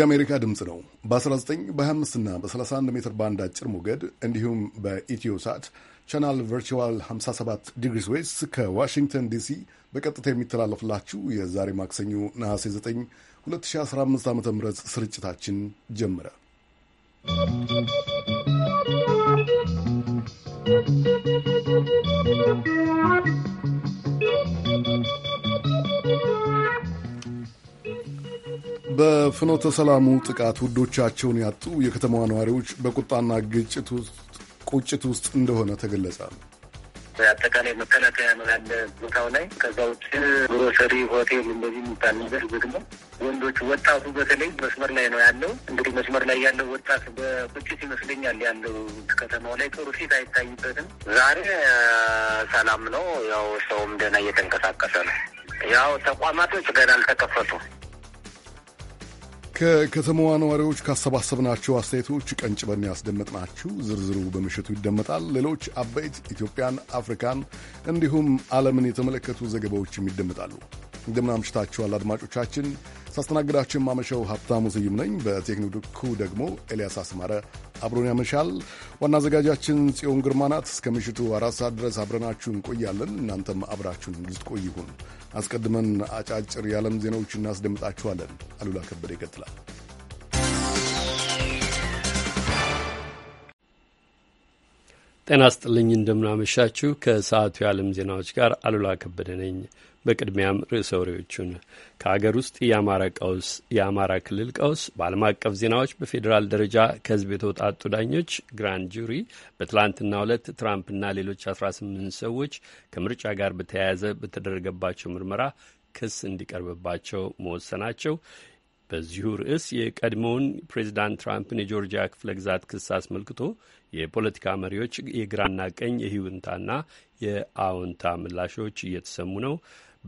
የአሜሪካ ድምፅ ነው። በ19 25 እና በ31 ሜትር ባንድ አጭር ሞገድ እንዲሁም በኢትዮ ሳት ቻናል ቨርቹዋል 57 ዲግሪስ ዌስት ከዋሽንግተን ዲሲ በቀጥታ የሚተላለፍላችሁ የዛሬ ማክሰኞ ነሐሴ 9 2015 ዓ ም ስርጭታችን ጀመረ። ¶¶ በፍኖተ ሰላሙ ጥቃት ውዶቻቸውን ያጡ የከተማዋ ነዋሪዎች በቁጣና ግጭት ውስጥ ቁጭት ውስጥ እንደሆነ ተገለጸ። አጠቃላይ መከላከያ ነው ያለ ቦታው ላይ። ከዛ ውጭ ግሮሰሪ፣ ሆቴል እንደዚህ የሚባል ነገር ዝግ ወንዶቹ ወጣቱ በተለይ መስመር ላይ ነው ያለው። እንግዲህ መስመር ላይ ያለው ወጣት በቁጭት ይመስለኛል ያለው ከተማው ላይ ጥሩ ፊት አይታይበትም። ዛሬ ሰላም ነው ያው ሰውም ደህና እየተንቀሳቀሰ ነው። ያው ተቋማቶች ገና አልተከፈቱ ከከተማዋ ነዋሪዎች ካሰባሰብናቸው አስተያየቶች ቀንጭበን ያስደመጥናችሁ። ዝርዝሩ በምሽቱ ይደመጣል። ሌሎች አበይት ኢትዮጵያን፣ አፍሪካን እንዲሁም ዓለምን የተመለከቱ ዘገባዎችም ይደመጣሉ። እንደምን አምሽታችኋል አድማጮቻችን። ሳስተናግዳችሁ የማመሸው ሀብታሙ ስዩም ነኝ። በቴክኒኩ ደግሞ ኤልያስ አስማረ አብሮን ያመሻል። ዋና አዘጋጃችን ጽዮን ግርማ ናት። እስከ ምሽቱ አራት ሰዓት ድረስ አብረናችሁ እንቆያለን። እናንተም አብራችሁን ልትቆይ ይሁን። አስቀድመን አጫጭር የዓለም ዜናዎች እናስደምጣችኋለን። አሉላ ከበደ ይቀጥላል። ጤና ስጥልኝ፣ እንደምናመሻችሁ። ከሰዓቱ የዓለም ዜናዎች ጋር አሉላ ከበደ ነኝ። በቅድሚያም ርዕሰ ወሬዎቹን ከአገር ውስጥ የአማራ ቀውስ የአማራ ክልል ቀውስ በዓለም አቀፍ ዜናዎች በፌዴራል ደረጃ ከህዝብ የተውጣጡ ዳኞች ግራንድ ጁሪ በትላንትና ሁለት ትራምፕና ሌሎች 18 ሰዎች ከምርጫ ጋር በተያያዘ በተደረገባቸው ምርመራ ክስ እንዲቀርብባቸው መወሰናቸው በዚሁ ርዕስ የቀድሞውን ፕሬዚዳንት ትራምፕን የጆርጂያ ክፍለ ግዛት ክስ አስመልክቶ የፖለቲካ መሪዎች የግራና ቀኝ የህይወንታና የአዎንታ ምላሾች እየተሰሙ ነው።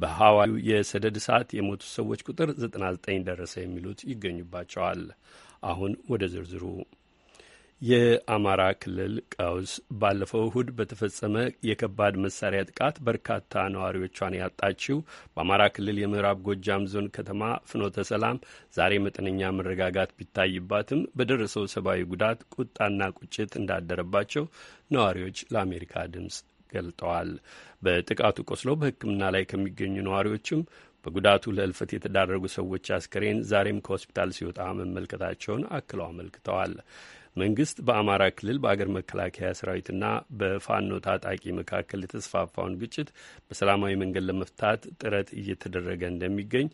በሐዋዩ የሰደድ እሳት የሞቱ ሰዎች ቁጥር 99 ደረሰ የሚሉት ይገኙባቸዋል። አሁን ወደ ዝርዝሩ። የአማራ ክልል ቀውስ ባለፈው እሁድ በተፈጸመ የከባድ መሳሪያ ጥቃት በርካታ ነዋሪዎቿን ያጣችው በአማራ ክልል የምዕራብ ጎጃም ዞን ከተማ ፍኖተ ሰላም ዛሬ መጠነኛ መረጋጋት ቢታይባትም በደረሰው ሰብአዊ ጉዳት ቁጣና ቁጭት እንዳደረባቸው ነዋሪዎች ለአሜሪካ ድምፅ ገልጠዋል። በጥቃቱ ቆስሎ በሕክምና ላይ ከሚገኙ ነዋሪዎችም በጉዳቱ ለእልፈት የተዳረጉ ሰዎች አስከሬን ዛሬም ከሆስፒታል ሲወጣ መመልከታቸውን አክለው አመልክተዋል። መንግስት በአማራ ክልል በአገር መከላከያ ሰራዊትና በፋኖ ታጣቂ መካከል የተስፋፋውን ግጭት በሰላማዊ መንገድ ለመፍታት ጥረት እየተደረገ እንደሚገኝ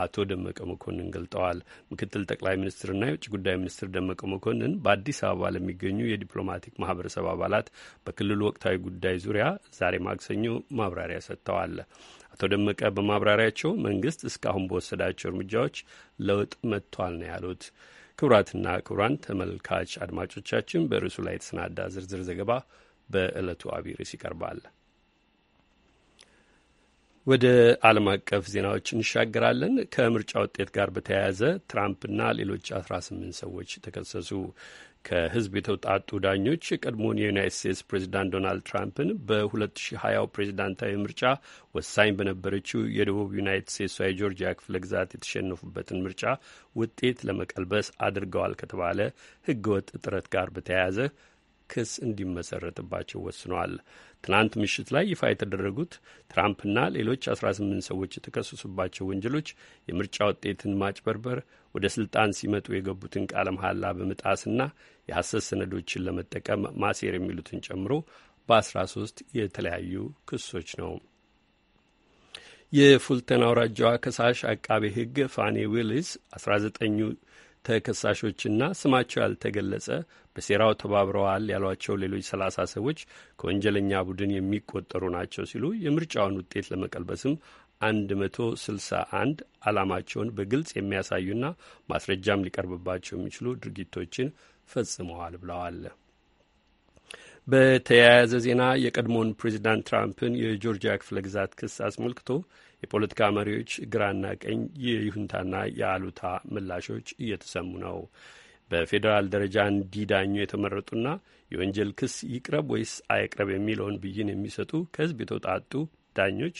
አቶ ደመቀ መኮንን ገልጠዋል። ምክትል ጠቅላይ ሚኒስትርና የውጭ ጉዳይ ሚኒስትር ደመቀ መኮንን በአዲስ አበባ ለሚገኙ የዲፕሎማቲክ ማህበረሰብ አባላት በክልሉ ወቅታዊ ጉዳይ ዙሪያ ዛሬ ማክሰኞ ማብራሪያ ሰጥተዋል። አቶ ደመቀ በማብራሪያቸው መንግስት እስካሁን በወሰዳቸው እርምጃዎች ለውጥ መጥቷል ነው ያሉት። ክቡራትና ክቡራን ተመልካች አድማጮቻችን በርዕሱ ላይ የተሰናዳ ዝርዝር ዘገባ በዕለቱ አቢይ ርዕስ ይቀርባል። ወደ ዓለም አቀፍ ዜናዎች እንሻገራለን። ከምርጫ ውጤት ጋር በተያያዘ ትራምፕና ሌሎች 18 ሰዎች ተከሰሱ። ከህዝብ የተውጣጡ ዳኞች የቀድሞውን የዩናይት ስቴትስ ፕሬዚዳንት ዶናልድ ትራምፕን በ2020 ፕሬዚዳንታዊ ምርጫ ወሳኝ በነበረችው የደቡብ ዩናይት ስቴትሷ የጆርጂያ ክፍለ ግዛት የተሸነፉበትን ምርጫ ውጤት ለመቀልበስ አድርገዋል ከተባለ ህገወጥ ጥረት ጋር በተያያዘ ክስ እንዲመሰረትባቸው ወስነዋል። ትናንት ምሽት ላይ ይፋ የተደረጉት ትራምፕና ሌሎች 18 ሰዎች የተከሰሱባቸው ወንጀሎች የምርጫ ውጤትን ማጭበርበር፣ ወደ ስልጣን ሲመጡ የገቡትን ቃለ መሐላ በመጣስና የሐሰት ሰነዶችን ለመጠቀም ማሴር የሚሉትን ጨምሮ በ13 የተለያዩ ክሶች ነው። የፉልተን አውራጃዋ ከሳሽ አቃቤ ሕግ ፋኒ ዊሊስ 19ኙ ተከሳሾችና ስማቸው ያልተገለጸ በሴራው ተባብረዋል ያሏቸው ሌሎች ሰላሳ ሰዎች ከወንጀለኛ ቡድን የሚቆጠሩ ናቸው ሲሉ የምርጫውን ውጤት ለመቀልበስም 161 ዓላማቸውን በግልጽ የሚያሳዩና ማስረጃም ሊቀርብባቸው የሚችሉ ድርጊቶችን ፈጽመዋል ብለዋል። በተያያዘ ዜና የቀድሞውን ፕሬዚዳንት ትራምፕን የጆርጂያ ክፍለ ግዛት ክስ አስመልክቶ የፖለቲካ መሪዎች ግራና ቀኝ የይሁንታና የአሉታ ምላሾች እየተሰሙ ነው። በፌዴራል ደረጃ እንዲዳኙ የተመረጡና የወንጀል ክስ ይቅረብ ወይስ አይቅረብ የሚለውን ብይን የሚሰጡ ከህዝብ የተውጣጡ ዳኞች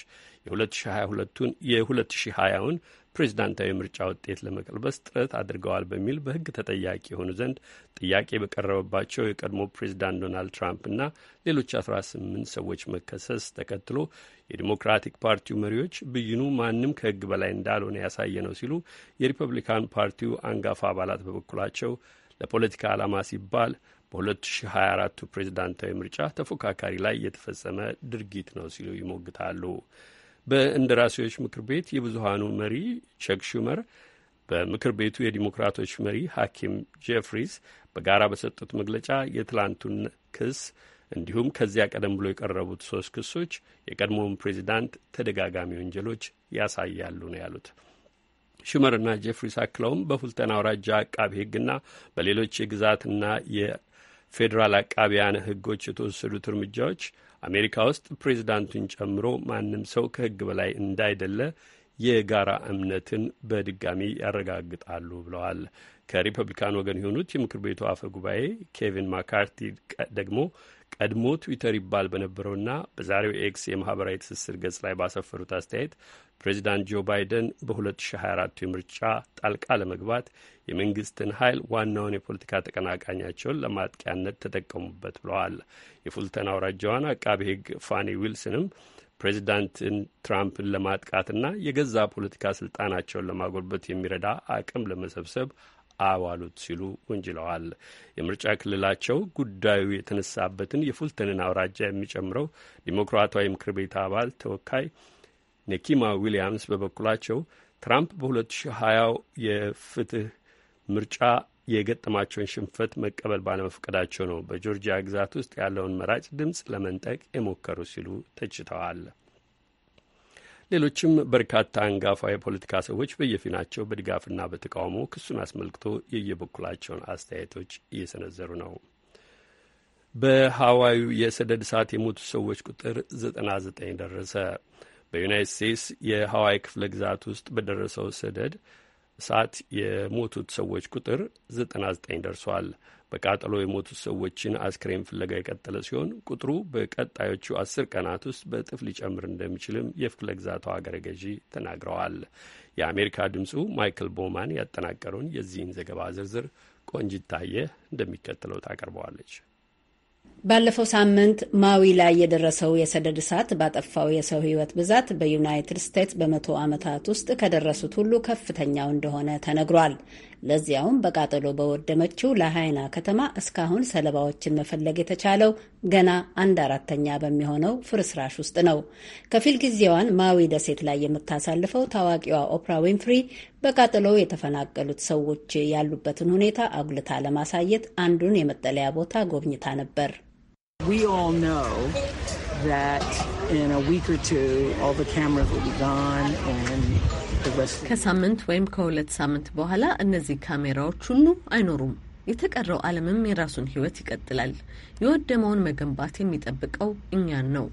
የ2022ቱን የ2020ውን ፕሬዚዳንታዊ ምርጫ ውጤት ለመቀልበስ ጥረት አድርገዋል በሚል በህግ ተጠያቂ የሆኑ ዘንድ ጥያቄ በቀረበባቸው የቀድሞ ፕሬዚዳንት ዶናልድ ትራምፕና ሌሎች 18 ሰዎች መከሰስ ተከትሎ የዲሞክራቲክ ፓርቲው መሪዎች ብይኑ ማንም ከህግ በላይ እንዳልሆነ ያሳየ ነው ሲሉ የሪፐብሊካን ፓርቲው አንጋፋ አባላት በበኩላቸው ለፖለቲካ ዓላማ ሲባል በ2024ቱ ፕሬዝዳንታዊ ምርጫ ተፎካካሪ ላይ የተፈጸመ ድርጊት ነው ሲሉ ይሞግታሉ። በእንደራሴዎች ምክር ቤት የብዙሃኑ መሪ ቸክ ሹመር በምክር ቤቱ የዲሞክራቶች መሪ ሐኪም ጄፍሪስ በጋራ በሰጡት መግለጫ የትላንቱን ክስ እንዲሁም ከዚያ ቀደም ብሎ የቀረቡት ሶስት ክሶች የቀድሞውን ፕሬዚዳንት ተደጋጋሚ ወንጀሎች ያሳያሉ ነው ያሉት። ሹመርና ጄፍሪስ አክለውም በፉልተና አውራጃ አቃቢ ሕግና በሌሎች የግዛትና የፌዴራል አቃቢያን ሕጎች የተወሰዱት እርምጃዎች አሜሪካ ውስጥ ፕሬዚዳንቱን ጨምሮ ማንም ሰው ከሕግ በላይ እንዳይደለ የጋራ እምነትን በድጋሚ ያረጋግጣሉ ብለዋል። ከሪፐብሊካን ወገን የሆኑት የምክር ቤቱ አፈ ጉባኤ ኬቪን ማካርቲ ደግሞ ቀድሞ ትዊተር ይባል በነበረውና በዛሬው ኤክስ የማህበራዊ ትስስር ገጽ ላይ ባሰፈሩት አስተያየት ፕሬዚዳንት ጆ ባይደን በ2024 የምርጫ ጣልቃ ለመግባት የመንግስትን ኃይል ዋናውን የፖለቲካ ተቀናቃኛቸውን ለማጥቂያነት ተጠቀሙበት ብለዋል። የፉልተን አውራጃዋን አቃቤ ሕግ ፋኒ ዊልስንም ፕሬዚዳንትን ትራምፕን ለማጥቃትና የገዛ ፖለቲካ ስልጣናቸውን ለማጎልበት የሚረዳ አቅም ለመሰብሰብ አዋሉት ሲሉ ወንጅለዋል። የምርጫ ክልላቸው ጉዳዩ የተነሳበትን የፉልተንን አውራጃ የሚጨምረው ዲሞክራታዊ ምክር ቤት አባል ተወካይ ኔኪማ ዊሊያምስ በበኩላቸው ትራምፕ በ2020 የፍትህ ምርጫ የገጠማቸውን ሽንፈት መቀበል ባለመፍቀዳቸው ነው በጆርጂያ ግዛት ውስጥ ያለውን መራጭ ድምፅ ለመንጠቅ የሞከሩ ሲሉ ተችተዋል። ሌሎችም በርካታ አንጋፋ የፖለቲካ ሰዎች በየፊናቸው በድጋፍና በተቃውሞ ክሱን አስመልክቶ የየበኩላቸውን አስተያየቶች እየሰነዘሩ ነው። በሃዋዩ የሰደድ እሳት የሞቱ ሰዎች ቁጥር 99 ደረሰ። በዩናይት ስቴትስ የሃዋይ ክፍለ ግዛት ውስጥ በደረሰው ሰደድ ሰዓት የሞቱት ሰዎች ቁጥር 99 ደርሷል። በቃጠሎ የሞቱት ሰዎችን አስክሬን ፍለጋ የቀጠለ ሲሆን ቁጥሩ በቀጣዮቹ አስር ቀናት ውስጥ በእጥፍ ሊጨምር እንደሚችልም የፍክለ ግዛቷ አገረ ገዢ ተናግረዋል። የአሜሪካ ድምፁ ማይክል ቦማን ያጠናቀረውን የዚህን ዘገባ ዝርዝር ቆንጂት ታየ እንደሚከተለው ታቀርበዋለች። ባለፈው ሳምንት ማዊ ላይ የደረሰው የሰደድ እሳት ባጠፋው የሰው ሕይወት ብዛት በዩናይትድ ስቴትስ በመቶ ዓመታት ውስጥ ከደረሱት ሁሉ ከፍተኛው እንደሆነ ተነግሯል። ለዚያውም በቃጠሎ በወደመችው ለሃይና ከተማ እስካሁን ሰለባዎችን መፈለግ የተቻለው ገና አንድ አራተኛ በሚሆነው ፍርስራሽ ውስጥ ነው። ከፊል ጊዜዋን ማዊ ደሴት ላይ የምታሳልፈው ታዋቂዋ ኦፕራ ዊንፍሪ በቃጠሎ የተፈናቀሉት ሰዎች ያሉበትን ሁኔታ አጉልታ ለማሳየት አንዱን የመጠለያ ቦታ ጎብኝታ ነበር። We all know that in a week or two, all the cameras will be gone and ከሳምንት ወይም ከሁለት ሳምንት በኋላ እነዚህ ካሜራዎች ሁሉ አይኖሩም። የተቀረው ዓለምም የራሱን ሕይወት ይቀጥላል። የወደመውን መገንባት የሚጠብቀው እኛን ነው።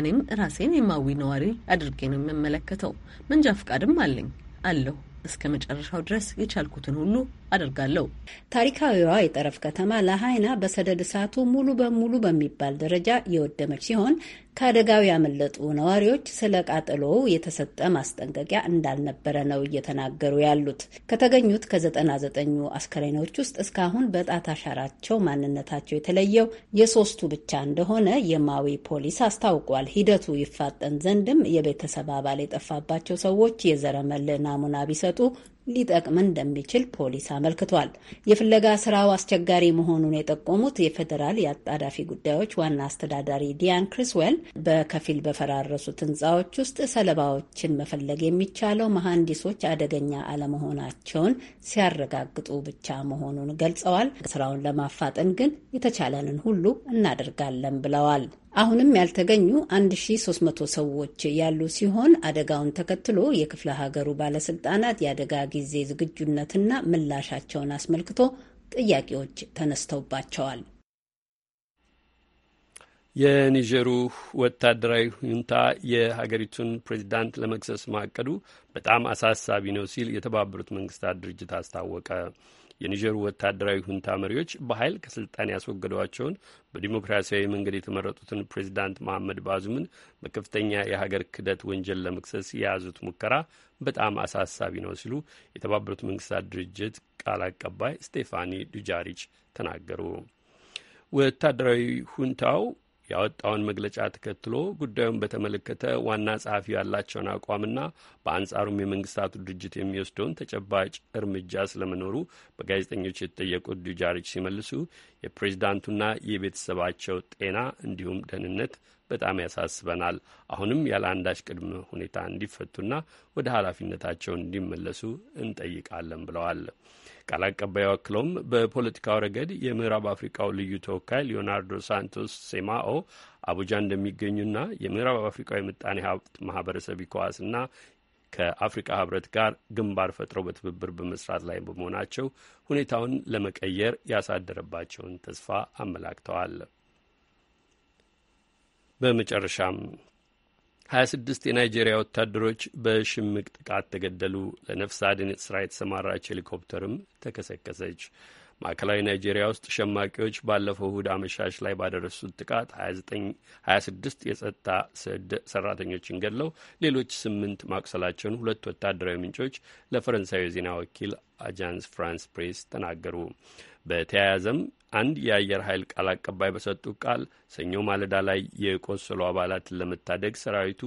እኔም ራሴን የማዊ ነዋሪ አድርጌ ነው የምመለከተው። መንጃ ፍቃድም አለኝ አለሁ። እስከ መጨረሻው ድረስ የቻልኩትን ሁሉ አደርጋለሁ። ታሪካዊዋ የጠረፍ ከተማ ለሀይና በሰደድ እሳቱ ሙሉ በሙሉ በሚባል ደረጃ የወደመች ሲሆን ከአደጋው ያመለጡ ነዋሪዎች ስለ ቃጠሎው የተሰጠ ማስጠንቀቂያ እንዳልነበረ ነው እየተናገሩ ያሉት። ከተገኙት ከዘጠና ዘጠኙ አስከሬኖች ውስጥ እስካሁን በጣት አሻራቸው ማንነታቸው የተለየው የሶስቱ ብቻ እንደሆነ የማዊ ፖሊስ አስታውቋል። ሂደቱ ይፋጠን ዘንድም የቤተሰብ አባል የጠፋባቸው ሰዎች የዘረመል ናሙና ቢሰጡ ሊጠቅም እንደሚችል ፖሊስ አመልክቷል። የፍለጋ ስራው አስቸጋሪ መሆኑን የጠቆሙት የፌዴራል የአጣዳፊ ጉዳዮች ዋና አስተዳዳሪ ዲያን ክሪስዌል በከፊል በፈራረሱት ህንፃዎች ውስጥ ሰለባዎችን መፈለግ የሚቻለው መሐንዲሶች አደገኛ አለመሆናቸውን ሲያረጋግጡ ብቻ መሆኑን ገልጸዋል። ስራውን ለማፋጠን ግን የተቻለንን ሁሉ እናደርጋለን ብለዋል። አሁንም ያልተገኙ 1300 ሰዎች ያሉ ሲሆን አደጋውን ተከትሎ የክፍለ ሀገሩ ባለስልጣናት የአደጋ ጊዜ ዝግጁነትና ምላሻቸውን አስመልክቶ ጥያቄዎች ተነስተውባቸዋል። የኒጀሩ ወታደራዊ ሁንታ የሀገሪቱን ፕሬዚዳንት ለመክሰስ ማቀዱ በጣም አሳሳቢ ነው ሲል የተባበሩት መንግስታት ድርጅት አስታወቀ። የኒጀሩ ወታደራዊ ሁንታ መሪዎች በኃይል ከስልጣን ያስወገዷቸውን በዲሞክራሲያዊ መንገድ የተመረጡትን ፕሬዚዳንት መሐመድ ባዙምን በከፍተኛ የሀገር ክህደት ወንጀል ለመክሰስ የያዙት ሙከራ በጣም አሳሳቢ ነው ሲሉ የተባበሩት መንግስታት ድርጅት ቃል አቀባይ ስቴፋኒ ዱጃሪች ተናገሩ። ወታደራዊ ሁንታው ያወጣውን መግለጫ ተከትሎ ጉዳዩን በተመለከተ ዋና ጸሐፊ ያላቸውን አቋምና በአንጻሩም የመንግስታቱ ድርጅት የሚወስደውን ተጨባጭ እርምጃ ስለመኖሩ በጋዜጠኞች የተጠየቁት ዱጃሪች ሲመልሱ የፕሬዚዳንቱና የቤተሰባቸው ጤና እንዲሁም ደህንነት በጣም ያሳስበናል። አሁንም ያለ አንዳች ቅድመ ሁኔታ እንዲፈቱና ወደ ኃላፊነታቸው እንዲመለሱ እንጠይቃለን ብለዋል። ቃል አቀባዩ አክለውም በፖለቲካው ረገድ የምዕራብ አፍሪካው ልዩ ተወካይ ሊዮናርዶ ሳንቶስ ሴማኦ አቡጃ እንደሚገኙና የምዕራብ አፍሪካው የምጣኔ ሀብት ማህበረሰብ ኢኮዋስና ከአፍሪካ ህብረት ጋር ግንባር ፈጥረው በትብብር በመስራት ላይ በመሆናቸው ሁኔታውን ለመቀየር ያሳደረባቸውን ተስፋ አመላክተዋል። በመጨረሻም 26 የናይጄሪያ ወታደሮች በሽምቅ ጥቃት ተገደሉ። ለነፍስ አድን ስራ የተሰማራች ሄሊኮፕተርም ተከሰከሰች። ማዕከላዊ ናይጄሪያ ውስጥ ሸማቂዎች ባለፈው እሁድ አመሻሽ ላይ ባደረሱት ጥቃት 26 የጸጥታ ሰራተኞችን ገድለው ሌሎች ስምንት ማቁሰላቸውን ሁለት ወታደራዊ ምንጮች ለፈረንሳዊ ዜና ወኪል አጃንስ ፍራንስ ፕሬስ ተናገሩ። በተያያዘም አንድ የአየር ኃይል ቃል አቀባይ በሰጡት ቃል ሰኞ ማለዳ ላይ የቆሰሉ አባላትን ለመታደግ ሰራዊቱ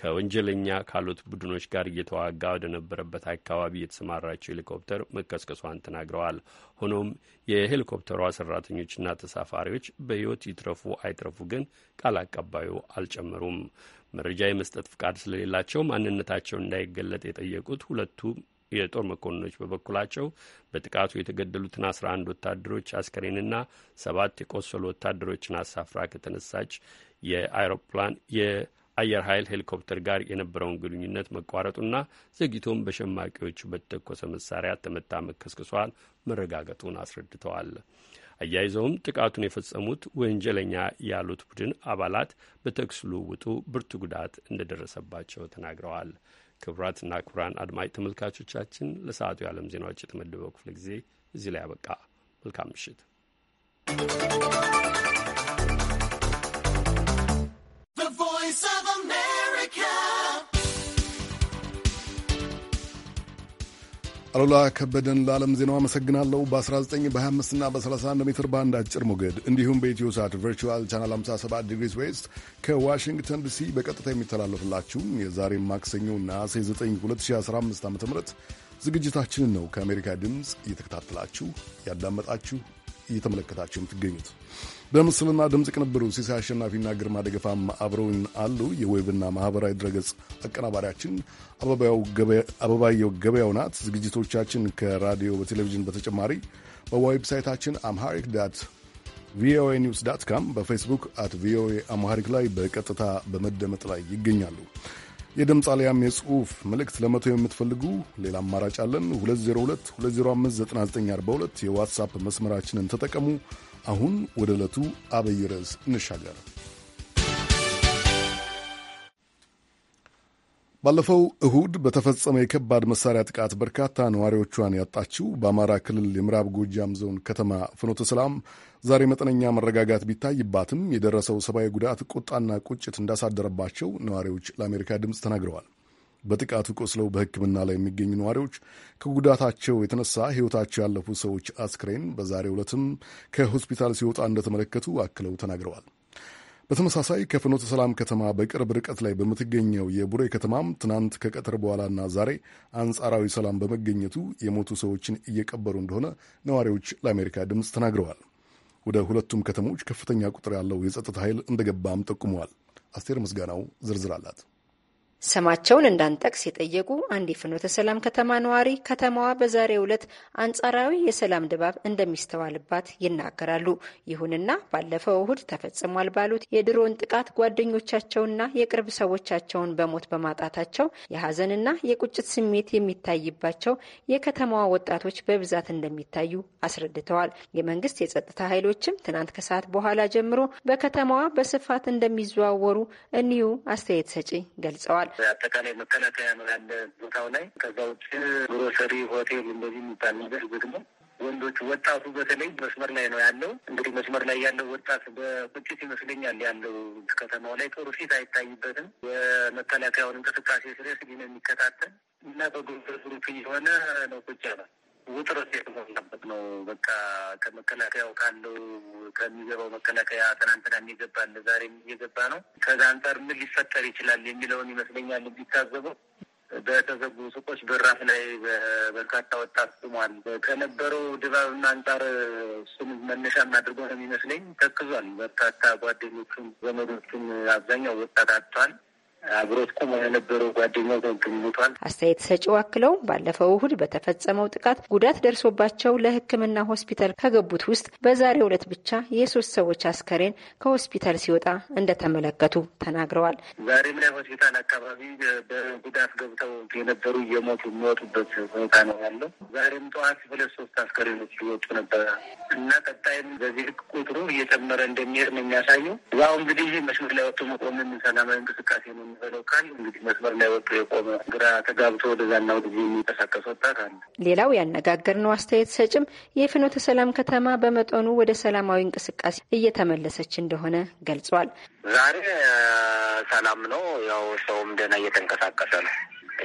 ከወንጀለኛ ካሉት ቡድኖች ጋር እየተዋጋ ወደ ነበረበት አካባቢ የተሰማራቸው ሄሊኮፕተር መከስከሷን ተናግረዋል። ሆኖም የሄሊኮፕተሯ ሰራተኞችና ተሳፋሪዎች በሕይወት ይትረፉ አይትረፉ ግን ቃል አቀባዩ አልጨመሩም። መረጃ የመስጠት ፍቃድ ስለሌላቸው ማንነታቸው እንዳይገለጥ የጠየቁት ሁለቱ የጦር መኮንኖች በበኩላቸው በጥቃቱ የተገደሉትን አስራ አንድ ወታደሮች አስከሬንና ሰባት የቆሰሉ ወታደሮችን አሳፍራ ከተነሳች የአይሮፕላን የአየር ኃይል ሄሊኮፕተር ጋር የነበረውን ግንኙነት መቋረጡና ዘግይቶም በሸማቂዎቹ በተተኮሰ መሳሪያ ተመታ መከስከሷን መረጋገጡን አስረድተዋል። አያይዘውም ጥቃቱን የፈጸሙት ወንጀለኛ ያሉት ቡድን አባላት በተኩስ ልውውጡ ብርቱ ጉዳት እንደደረሰባቸው ተናግረዋል። ክቡራትና ክቡራን አድማጭ ተመልካቾቻችን ለሰዓቱ የዓለም ዜናዎች የተመደበው ክፍለ ጊዜ እዚህ ላይ ያበቃ። መልካም ምሽት። አሉላ ከበደን ለዓለም ዜናው አመሰግናለሁ። በ19 በ25ና በ31 ሜትር ባንድ አጭር ሞገድ እንዲሁም በኢትዮ ሳት ቨርቹዋል ቻናል 57 ዲግሪስ ዌስት ከዋሽንግተን ዲሲ በቀጥታ የሚተላለፍላችሁን የዛሬ ማክሰኞ ነሐሴ 9 2015 ዓ ም ዝግጅታችንን ነው ከአሜሪካ ድምፅ እየተከታተላችሁ እያዳመጣችሁ እየተመለከታችሁ የምትገኙት። በምስልና ድምፅ ቅንብሩ ሲሳይ አሸናፊና ግርማ ደገፋም አብረውን አሉ። የዌብና ማህበራዊ ድረገጽ አቀናባሪያችን አበባየው ገበያው ናት። ዝግጅቶቻችን ከራዲዮ በቴሌቪዥን በተጨማሪ በዌብሳይታችን አምሃሪክ ዳት ቪኦኤ ኒውስ ዳት ካም በፌስቡክ አት ቪኦኤ አምሃሪክ ላይ በቀጥታ በመደመጥ ላይ ይገኛሉ። የድምፅ አሊያም የጽሑፍ መልእክት ለመቶ የምትፈልጉ ሌላ አማራጭ አለን። 202 2059942 የዋትሳፕ መስመራችንን ተጠቀሙ። አሁን ወደ ዕለቱ አብይ ርዕስ እንሻገር። ባለፈው እሁድ በተፈጸመ የከባድ መሳሪያ ጥቃት በርካታ ነዋሪዎቿን ያጣችው በአማራ ክልል የምዕራብ ጎጃም ዞን ከተማ ፍኖተ ሰላም ዛሬ መጠነኛ መረጋጋት ቢታይባትም የደረሰው ሰብአዊ ጉዳት ቁጣና ቁጭት እንዳሳደረባቸው ነዋሪዎች ለአሜሪካ ድምፅ ተናግረዋል። በጥቃቱ ቆስለው በሕክምና ላይ የሚገኙ ነዋሪዎች ከጉዳታቸው የተነሳ ሕይወታቸው ያለፉ ሰዎች አስክሬን በዛሬው ዕለትም ከሆስፒታል ሲወጣ እንደተመለከቱ አክለው ተናግረዋል። በተመሳሳይ ከፍኖተ ሰላም ከተማ በቅርብ ርቀት ላይ በምትገኘው የቡሬ ከተማም ትናንት ከቀትር በኋላና ዛሬ አንጻራዊ ሰላም በመገኘቱ የሞቱ ሰዎችን እየቀበሩ እንደሆነ ነዋሪዎች ለአሜሪካ ድምፅ ተናግረዋል። ወደ ሁለቱም ከተሞች ከፍተኛ ቁጥር ያለው የጸጥታ ኃይል እንደገባም ጠቁመዋል። አስቴር ምስጋናው ዝርዝር አላት። ስማቸውን እንዳንጠቅስ የጠየቁ አንድ የፍኖተ ሰላም ከተማ ነዋሪ ከተማዋ በዛሬው ዕለት አንጻራዊ የሰላም ድባብ እንደሚስተዋልባት ይናገራሉ። ይሁንና ባለፈው እሁድ ተፈጽሟል ባሉት የድሮን ጥቃት ጓደኞቻቸውና የቅርብ ሰዎቻቸውን በሞት በማጣታቸው የሀዘንና የቁጭት ስሜት የሚታይባቸው የከተማዋ ወጣቶች በብዛት እንደሚታዩ አስረድተዋል። የመንግስት የጸጥታ ኃይሎችም ትናንት ከሰዓት በኋላ ጀምሮ በከተማዋ በስፋት እንደሚዘዋወሩ እኒሁ አስተያየት ሰጪ ገልጸዋል። አጠቃላይ መከላከያ ነው ያለ ቦታው ላይ። ከዛ ውጭ ግሮሰሪ፣ ሆቴል እንደዚህ የሚባል ነገር ዝግ ወንዶቹ ወጣቱ በተለይ መስመር ላይ ነው ያለው። እንግዲህ መስመር ላይ ያለው ወጣት በቁጭት ይመስለኛል ያለው ከተማው ላይ ጥሩ ፊት አይታይበትም። የመከላከያውን እንቅስቃሴ ስሬስ ሊነ የሚከታተል እና በግሩፕ የሆነ ነው ቁጭ ያላል ውጥረት የተሞላበት ነው። በቃ ከመከላከያው ካለው ከሚገባው መከላከያ ትናንትና የሚገባል ዛሬም እየገባ ነው። ከዛ አንጻር ምን ሊፈጠር ይችላል የሚለውን ይመስለኛል እንዲታዘበው በተዘጉ ሱቆች በራፍ ላይ በርካታ ወጣት ስሟል። ከነበረው ድባብና አንጻር እሱም መነሻ አድርጎ ነው የሚመስለኝ ተክዟል። በርካታ ጓደኞቹን ዘመዶቹን አብዛኛው ወጣት አጥቷል። አብሮት ቆሞ የነበረው ጓደኛው በግም ሞቷል። አስተያየት ሰጪው አክለው ባለፈው እሁድ በተፈጸመው ጥቃት ጉዳት ደርሶባቸው ለሕክምና ሆስፒታል ከገቡት ውስጥ በዛሬው ዕለት ብቻ የሶስት ሰዎች አስከሬን ከሆስፒታል ሲወጣ እንደተመለከቱ ተናግረዋል። ዛሬም ላይ ሆስፒታል አካባቢ በጉዳት ገብተው የነበሩ እየሞቱ የሚወጡበት ሁኔታ ነው ያለው። ዛሬም ጠዋት ሁለት ሶስት አስከሬኖች ሊወጡ ነበረ እና ቀጣይም በዚህ ህግ ቁጥሩ እየጨመረ እንደሚሄድ ነው የሚያሳየው። ያው እንግዲህ መስመር ላይ ወጥቶ መቆም ሰላማዊ እንቅስቃሴ ነው የምንበለው ቃል እንግዲህ መስመር ላይ ወጥቶ የቆመ ግራ ተጋብቶ ወደዛና ወደዚህ የሚንቀሳቀስ ወጣት አለ። ሌላው ያነጋገርነው አስተያየት ሰጭም የፍኖተ ሰላም ከተማ በመጠኑ ወደ ሰላማዊ እንቅስቃሴ እየተመለሰች እንደሆነ ገልጿል። ዛሬ ሰላም ነው። ያው ሰውም ደህና እየተንቀሳቀሰ ነው።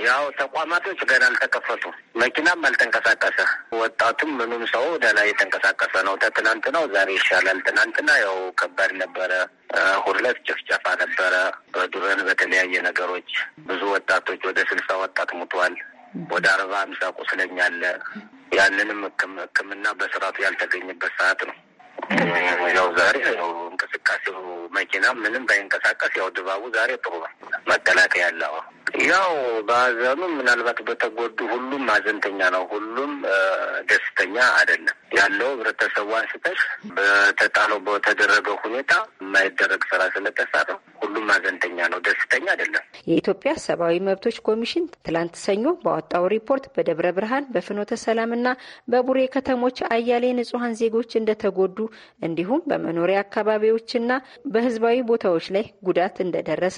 ያው ተቋማቶች ገና አልተከፈቱ፣ መኪናም አልተንቀሳቀሰ፣ ወጣቱም ምኑም ሰው ወደ ላይ የተንቀሳቀሰ ነው። ነው ዛሬ ይሻላል። ትናንትና ያው ከባድ ነበረ። ሁለት ጭፍጨፋ ነበረ በዱረን በተለያየ ነገሮች ብዙ ወጣቶች ወደ ስልሳ ወጣት ሙቷል ወደ አርባ አምሳ ቁስለኛ አለ። ያንንም ሕክምና በስርዓቱ ያልተገኘበት ሰዓት ነው። ያው ዛሬ ያው እንቅስቃሴው መኪና ምንም ባይንቀሳቀስ ያው ድባቡ ዛሬ ጥሩ ነው። መከላከያ ያለው ያው በሀዘኑ ምናልባት በተጎዱ ሁሉም ሀዘንተኛ ነው። ሁሉም ደስተኛ አይደለም ያለው ህብረተሰቡ አንስተሽ በተጣለው በተደረገ ሁኔታ የማይደረግ ስራ ስለተሰራ ሁሉም ሀዘንተኛ ነው፣ ደስተኛ አይደለም። የኢትዮጵያ ሰብአዊ መብቶች ኮሚሽን ትላንት ሰኞ ባወጣው ሪፖርት በደብረ ብርሃን፣ በፍኖተ ሰላምና በቡሬ ከተሞች አያሌ ንጹሀን ዜጎች እንደተጎዱ እንዲሁም በመኖሪያ አካባቢዎችና በህዝባዊ ቦታዎች ላይ ጉዳት እንደደረሰ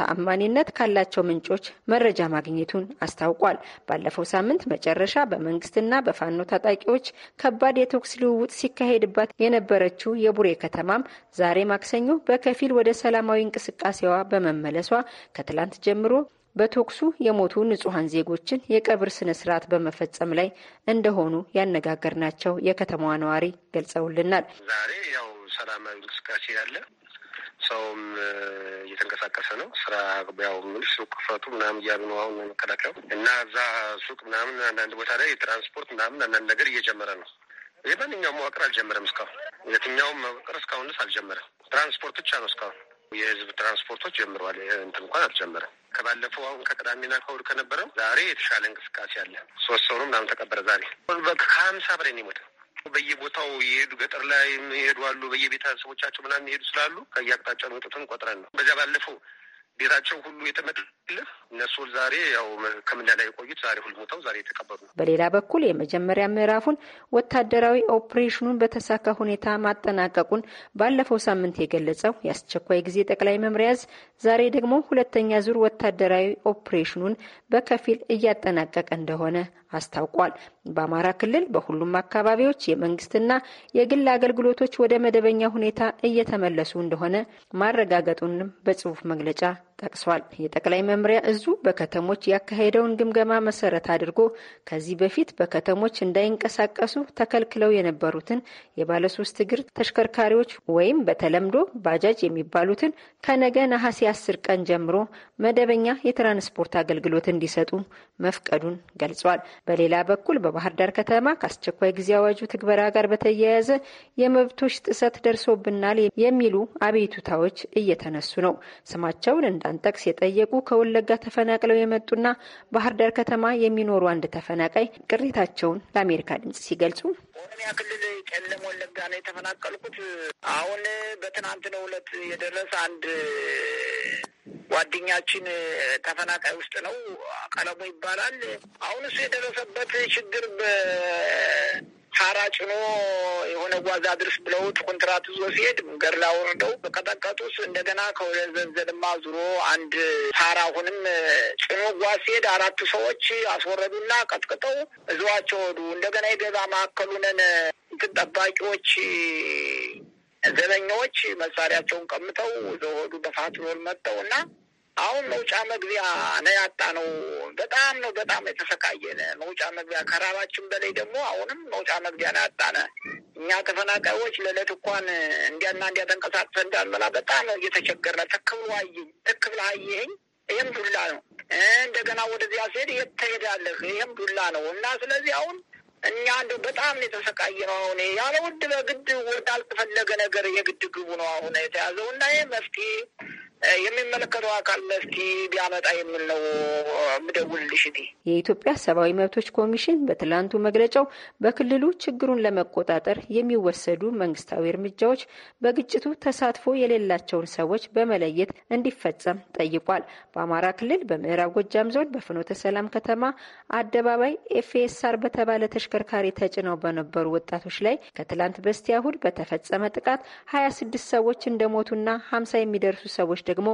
ተአማኒነት ካላቸው ምንጮች ሰዎች መረጃ ማግኘቱን አስታውቋል። ባለፈው ሳምንት መጨረሻ በመንግስትና በፋኖ ታጣቂዎች ከባድ የተኩስ ልውውጥ ሲካሄድባት የነበረችው የቡሬ ከተማም ዛሬ ማክሰኞ በከፊል ወደ ሰላማዊ እንቅስቃሴዋ በመመለሷ ከትላንት ጀምሮ በተኩሱ የሞቱ ንጹሐን ዜጎችን የቀብር ስነ ስርዓት በመፈጸም ላይ እንደሆኑ ያነጋገርናቸው የከተማዋ ነዋሪ ገልጸውልናል። ዛሬ ያው ሰላማዊ እንቅስቃሴ ያለ ሰውም እየተንቀሳቀሰ ነው። ስራ ያው ምልሽ ሱቅ ክፈቱ ምናምን እያሉ ነው አሁን መከላከያው እና እዛ ሱቅ ምናምን አንዳንድ ቦታ ላይ ትራንስፖርት ምናምን አንዳንድ ነገር እየጀመረ ነው። ይህ ማንኛውም መዋቅር አልጀመረም እስካሁን የትኛውም መዋቅር እስካሁን ድረስ አልጀመረም። ትራንስፖርት ብቻ ነው እስካሁን የህዝብ ትራንስፖርቶች ጀምረዋል። እንትን እንኳን አልጀመረም። ከባለፈው አሁን ከቅዳሜና ከእሑድ ከነበረው ዛሬ የተሻለ እንቅስቃሴ አለ። ሶስት ሰው ነው ምናምን ተቀበረ ዛሬ ከሀምሳ በላይ ነው የሞተው በየቦታው የሄዱ ገጠር ላይ የሄዱ አሉ፣ በየቤተሰቦቻቸው ምናምን የሄዱ ስላሉ ከየአቅጣጫው መጡትን ቆጥረን ነው። በዚያ ባለፈው ቤታቸው ሁሉ የተመለልህ እነሱ ዛሬ ያው ሕክምና ላይ የቆዩት ዛሬ ሁሉ ሞተው ዛሬ የተቀበሩ ነው። በሌላ በኩል የመጀመሪያ ምዕራፉን ወታደራዊ ኦፕሬሽኑን በተሳካ ሁኔታ ማጠናቀቁን ባለፈው ሳምንት የገለጸው የአስቸኳይ ጊዜ ጠቅላይ መምሪያ ዕዝ ዛሬ ደግሞ ሁለተኛ ዙር ወታደራዊ ኦፕሬሽኑን በከፊል እያጠናቀቀ እንደሆነ አስታውቋል። በአማራ ክልል በሁሉም አካባቢዎች የመንግስትና የግል አገልግሎቶች ወደ መደበኛ ሁኔታ እየተመለሱ እንደሆነ ማረጋገጡንም በጽሁፍ መግለጫ ጠቅሷል። የጠቅላይ መምሪያ እዙ በከተሞች ያካሄደውን ግምገማ መሰረት አድርጎ ከዚህ በፊት በከተሞች እንዳይንቀሳቀሱ ተከልክለው የነበሩትን የባለሶስት እግር ተሽከርካሪዎች ወይም በተለምዶ ባጃጅ የሚባሉትን ከነገ ነሐሴ አስር ቀን ጀምሮ መደበኛ የትራንስፖርት አገልግሎት እንዲሰጡ መፍቀዱን ገልጿል። በሌላ በኩል በባህር ዳር ከተማ ከአስቸኳይ ጊዜ አዋጁ ትግበራ ጋር በተያያዘ የመብቶች ጥሰት ደርሶብናል የሚሉ አቤቱታዎች እየተነሱ ነው። ስማቸውን እንዳ እንዳንጠቅስ የጠየቁ ከወለጋ ተፈናቅለው የመጡና ባህር ዳር ከተማ የሚኖሩ አንድ ተፈናቃይ ቅሬታቸውን ለአሜሪካ ድምጽ ሲገልጹ ኦሮሚያ ክልል ቄለም ወለጋ ነው የተፈናቀልኩት። አሁን በትናንትናው ዕለት የደረሰ አንድ ጓደኛችን ተፈናቃይ ውስጥ ነው። ቀለሙ ይባላል። አሁን እሱ የደረሰበት ችግር ታራ ጭኖ የሆነ ጓዛ ድርስ ብለውት ኮንትራት ይዞ ሲሄድ ገርላ ወርደው በቀጠቀጡት። እንደገና ከዘንዘልማ ዙሮ አንድ ታራ አሁንም ጭኖ ጓዝ ሲሄድ አራቱ ሰዎች አስወረዱና ቀጥቅጠው እዘዋቸው ወዱ እንደገና የገዛ ማዕከሉንን ጠባቂዎች ዘበኛዎች መሳሪያቸውን ቀምተው ዘወዱ በፋትሮል መጠው እና አሁን መውጫ መግቢያ ነው ያጣ ነው። በጣም ነው በጣም የተሰቃየነ መውጫ መግቢያ ከራባችን በላይ ደግሞ አሁንም መውጫ መግቢያ ነው ያጣነ። እኛ ተፈናቃዮች ለዕለት እንኳን እንዲያና እንዲያ ተንቀሳቅሰ እንዳንበላ በጣም ነው እየተቸገርነ። ትክብሉ አየኝ ትክብል አየኝ ይህም ዱላ ነው። እንደገና ወደዚያ ስሄድ የት ትሄዳለህ? ይህም ዱላ ነው እና ስለዚህ አሁን እኛ እንደ በጣም የተሰቃየ ነው። አሁን ያለ ውድ በግድ ወዳልተፈለገ ነገር የግድ ግቡ ነው አሁን የተያዘው እና ይህ መፍትሄ የሚመለከተው አካል እስኪ ቢያመጣ የሚል ነው ምደውልልሽ። የኢትዮጵያ ሰብአዊ መብቶች ኮሚሽን በትላንቱ መግለጫው በክልሉ ችግሩን ለመቆጣጠር የሚወሰዱ መንግስታዊ እርምጃዎች በግጭቱ ተሳትፎ የሌላቸውን ሰዎች በመለየት እንዲፈጸም ጠይቋል። በአማራ ክልል በምዕራብ ጎጃም ዞን በፍኖተ ሰላም ከተማ አደባባይ ኤፍኤስአር በተባለ ተሽከርካሪ ተጭነው በነበሩ ወጣቶች ላይ ከትላንት በስቲያ እሁድ በተፈጸመ ጥቃት ሀያ ስድስት ሰዎች እንደሞቱና ሀምሳ የሚደርሱ ሰዎች ደግሞ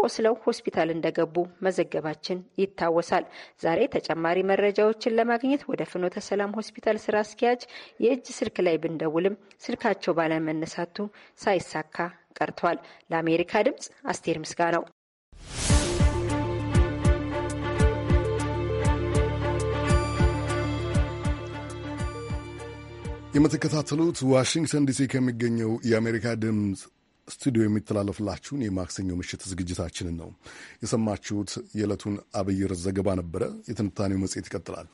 ቆስለው ሆስፒታል እንደገቡ መዘገባችን ይታወሳል። ዛሬ ተጨማሪ መረጃዎችን ለማግኘት ወደ ፍኖተ ሰላም ሆስፒታል ስራ አስኪያጅ የእጅ ስልክ ላይ ብንደውልም ስልካቸው ባለመነሳቱ ሳይሳካ ቀርቷል። ለአሜሪካ ድምጽ አስቴር ምስጋናው። የምትከታተሉት ዋሽንግተን ዲሲ ከሚገኘው የአሜሪካ ድምፅ ስቱዲዮ የሚተላለፍላችሁን የማክሰኞ ምሽት ዝግጅታችንን ነው የሰማችሁት። የዕለቱን አብይ ርዕስ ዘገባ ነበረ። የትንታኔው መጽሔት ይቀጥላል።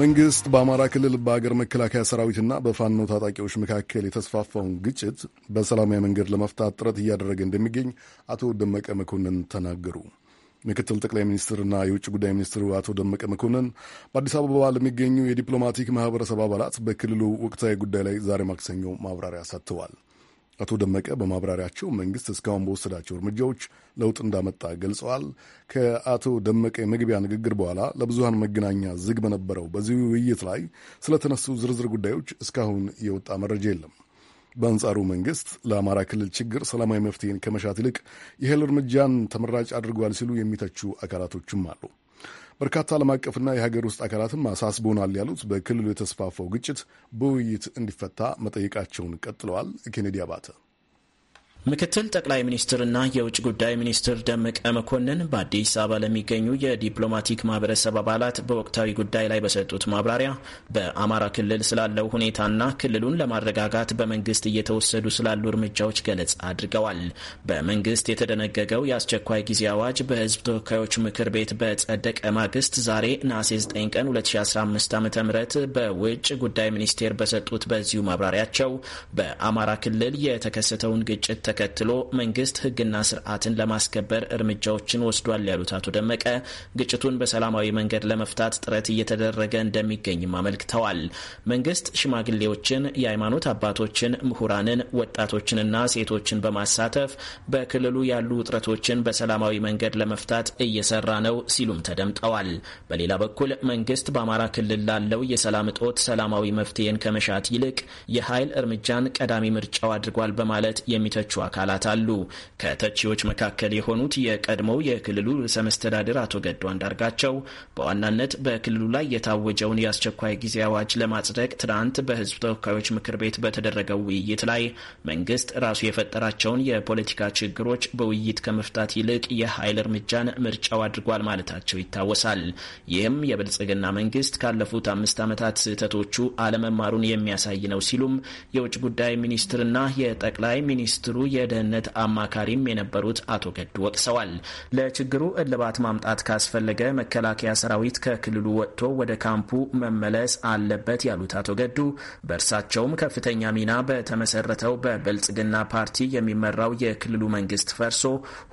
መንግስት በአማራ ክልል በአገር መከላከያ ሰራዊትና በፋኖ ታጣቂዎች መካከል የተስፋፋውን ግጭት በሰላማዊ መንገድ ለመፍታት ጥረት እያደረገ እንደሚገኝ አቶ ደመቀ መኮንን ተናገሩ። ምክትል ጠቅላይ ሚኒስትርና የውጭ ጉዳይ ሚኒስትሩ አቶ ደመቀ መኮንን በአዲስ አበባ ለሚገኙ የዲፕሎማቲክ ማህበረሰብ አባላት በክልሉ ወቅታዊ ጉዳይ ላይ ዛሬ ማክሰኞ ማብራሪያ ሰጥተዋል። አቶ ደመቀ በማብራሪያቸው መንግስት እስካሁን በወሰዳቸው እርምጃዎች ለውጥ እንዳመጣ ገልጸዋል። ከአቶ ደመቀ የመግቢያ ንግግር በኋላ ለብዙሃን መገናኛ ዝግ በነበረው በዚህ ውይይት ላይ ስለተነሱ ዝርዝር ጉዳዮች እስካሁን የወጣ መረጃ የለም። በአንጻሩ መንግስት ለአማራ ክልል ችግር ሰላማዊ መፍትሄን ከመሻት ይልቅ የኃይል እርምጃን ተመራጭ አድርጓል ሲሉ የሚተቹ አካላቶችም አሉ። በርካታ ዓለም አቀፍና የሀገር ውስጥ አካላትም አሳስቦናል ያሉት በክልሉ የተስፋፋው ግጭት በውይይት እንዲፈታ መጠየቃቸውን ቀጥለዋል። ኬኔዲ አባተ ምክትል ጠቅላይ ሚኒስትርና የውጭ ጉዳይ ሚኒስትር ደመቀ መኮንን በአዲስ አበባ ለሚገኙ የዲፕሎማቲክ ማህበረሰብ አባላት በወቅታዊ ጉዳይ ላይ በሰጡት ማብራሪያ በአማራ ክልል ስላለው ሁኔታና ክልሉን ለማረጋጋት በመንግስት እየተወሰዱ ስላሉ እርምጃዎች ገለጻ አድርገዋል። በመንግስት የተደነገገው የአስቸኳይ ጊዜ አዋጅ በህዝብ ተወካዮች ምክር ቤት በጸደቀ ማግስት ዛሬ ነሐሴ 9 ቀን 2015 ዓ ም በውጭ ጉዳይ ሚኒስቴር በሰጡት በዚሁ ማብራሪያቸው በአማራ ክልል የተከሰተውን ግጭት ተከትሎ መንግስት ህግና ስርዓትን ለማስከበር እርምጃዎችን ወስዷል ያሉት አቶ ደመቀ ግጭቱን በሰላማዊ መንገድ ለመፍታት ጥረት እየተደረገ እንደሚገኝም አመልክተዋል። መንግስት ሽማግሌዎችን፣ የሃይማኖት አባቶችን፣ ምሁራንን፣ ወጣቶችንና ሴቶችን በማሳተፍ በክልሉ ያሉ ውጥረቶችን በሰላማዊ መንገድ ለመፍታት እየሰራ ነው ሲሉም ተደምጠዋል። በሌላ በኩል መንግስት በአማራ ክልል ላለው የሰላም እጦት ሰላማዊ መፍትሄን ከመሻት ይልቅ የኃይል እርምጃን ቀዳሚ ምርጫው አድርጓል በማለት የሚተቹ አካላት አሉ። ከተቺዎች መካከል የሆኑት የቀድሞው የክልሉ ርዕሰ መስተዳድር አቶ ገዱ አንዳርጋቸው በዋናነት በክልሉ ላይ የታወጀውን የአስቸኳይ ጊዜ አዋጅ ለማጽደቅ ትናንት በህዝብ ተወካዮች ምክር ቤት በተደረገው ውይይት ላይ መንግስት ራሱ የፈጠራቸውን የፖለቲካ ችግሮች በውይይት ከመፍታት ይልቅ የኃይል እርምጃን ምርጫው አድርጓል ማለታቸው ይታወሳል። ይህም የብልጽግና መንግስት ካለፉት አምስት ዓመታት ስህተቶቹ አለመማሩን የሚያሳይ ነው ሲሉም የውጭ ጉዳይ ሚኒስትርና የጠቅላይ ሚኒስትሩ የደህንነት አማካሪም የነበሩት አቶ ገዱ ወቅሰዋል። ለችግሩ እልባት ማምጣት ካስፈለገ መከላከያ ሰራዊት ከክልሉ ወጥቶ ወደ ካምፑ መመለስ አለበት ያሉት አቶ ገዱ በእርሳቸውም ከፍተኛ ሚና በተመሰረተው በብልጽግና ፓርቲ የሚመራው የክልሉ መንግስት ፈርሶ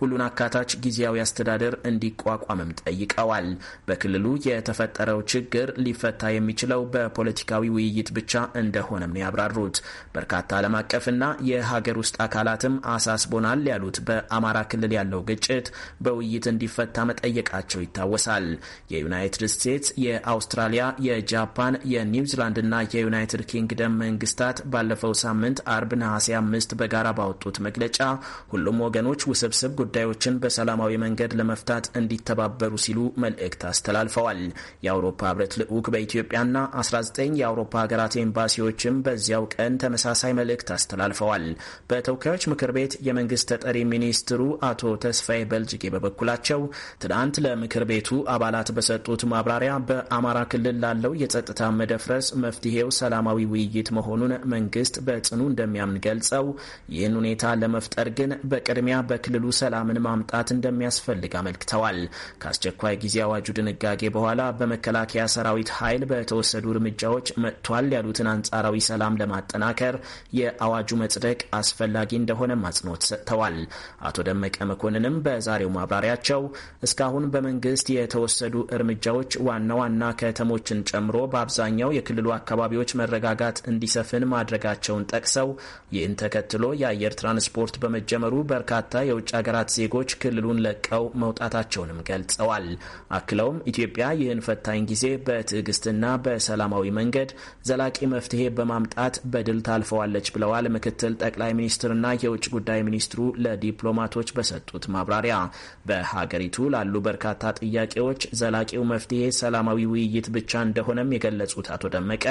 ሁሉን አካታች ጊዜያዊ አስተዳደር እንዲቋቋምም ጠይቀዋል። በክልሉ የተፈጠረው ችግር ሊፈታ የሚችለው በፖለቲካዊ ውይይት ብቻ እንደሆነም ነው ያብራሩት። በርካታ ዓለም አቀፍና የሀገር ውስጥ አካላትም ግጭትም አሳስቦናል ያሉት በአማራ ክልል ያለው ግጭት በውይይት እንዲፈታ መጠየቃቸው ይታወሳል። የዩናይትድ ስቴትስ፣ የአውስትራሊያ፣ የጃፓን፣ የኒውዚላንድና የዩናይትድ ኪንግደም መንግስታት ባለፈው ሳምንት አርብ ነሐሴ አምስት በጋራ ባወጡት መግለጫ ሁሉም ወገኖች ውስብስብ ጉዳዮችን በሰላማዊ መንገድ ለመፍታት እንዲተባበሩ ሲሉ መልእክት አስተላልፈዋል። የአውሮፓ ህብረት ልዑክ በኢትዮጵያና 19 የአውሮፓ ሀገራት ኤምባሲዎችም በዚያው ቀን ተመሳሳይ መልእክት አስተላልፈዋል። በተወካዮች ምክር ቤት የመንግስት ተጠሪ ሚኒስትሩ አቶ ተስፋዬ በልጅጌ በበኩላቸው ትናንት ለምክር ቤቱ አባላት በሰጡት ማብራሪያ በአማራ ክልል ላለው የጸጥታ መደፍረስ መፍትሄው ሰላማዊ ውይይት መሆኑን መንግስት በጽኑ እንደሚያምን ገልጸው ይህን ሁኔታ ለመፍጠር ግን በቅድሚያ በክልሉ ሰላምን ማምጣት እንደሚያስፈልግ አመልክተዋል። ከአስቸኳይ ጊዜ አዋጁ ድንጋጌ በኋላ በመከላከያ ሰራዊት ኃይል በተወሰዱ እርምጃዎች መጥቷል ያሉትን አንጻራዊ ሰላም ለማጠናከር የአዋጁ መጽደቅ አስፈላጊ እንደሆነ እንደሆነም አጽንኦት ሰጥተዋል። አቶ ደመቀ መኮንንም በዛሬው ማብራሪያቸው እስካሁን በመንግስት የተወሰዱ እርምጃዎች ዋና ዋና ከተሞችን ጨምሮ በአብዛኛው የክልሉ አካባቢዎች መረጋጋት እንዲሰፍን ማድረጋቸውን ጠቅሰው ይህን ተከትሎ የአየር ትራንስፖርት በመጀመሩ በርካታ የውጭ ሀገራት ዜጎች ክልሉን ለቀው መውጣታቸውንም ገልጸዋል። አክለውም ኢትዮጵያ ይህን ፈታኝ ጊዜ በትዕግስትና በሰላማዊ መንገድ ዘላቂ መፍትሄ በማምጣት በድል ታልፈዋለች ብለዋል። ምክትል ጠቅላይ ሚኒስትርና የ የውጭ ጉዳይ ሚኒስትሩ ለዲፕሎማቶች በሰጡት ማብራሪያ በሀገሪቱ ላሉ በርካታ ጥያቄዎች ዘላቂው መፍትሄ ሰላማዊ ውይይት ብቻ እንደሆነም የገለጹት አቶ ደመቀ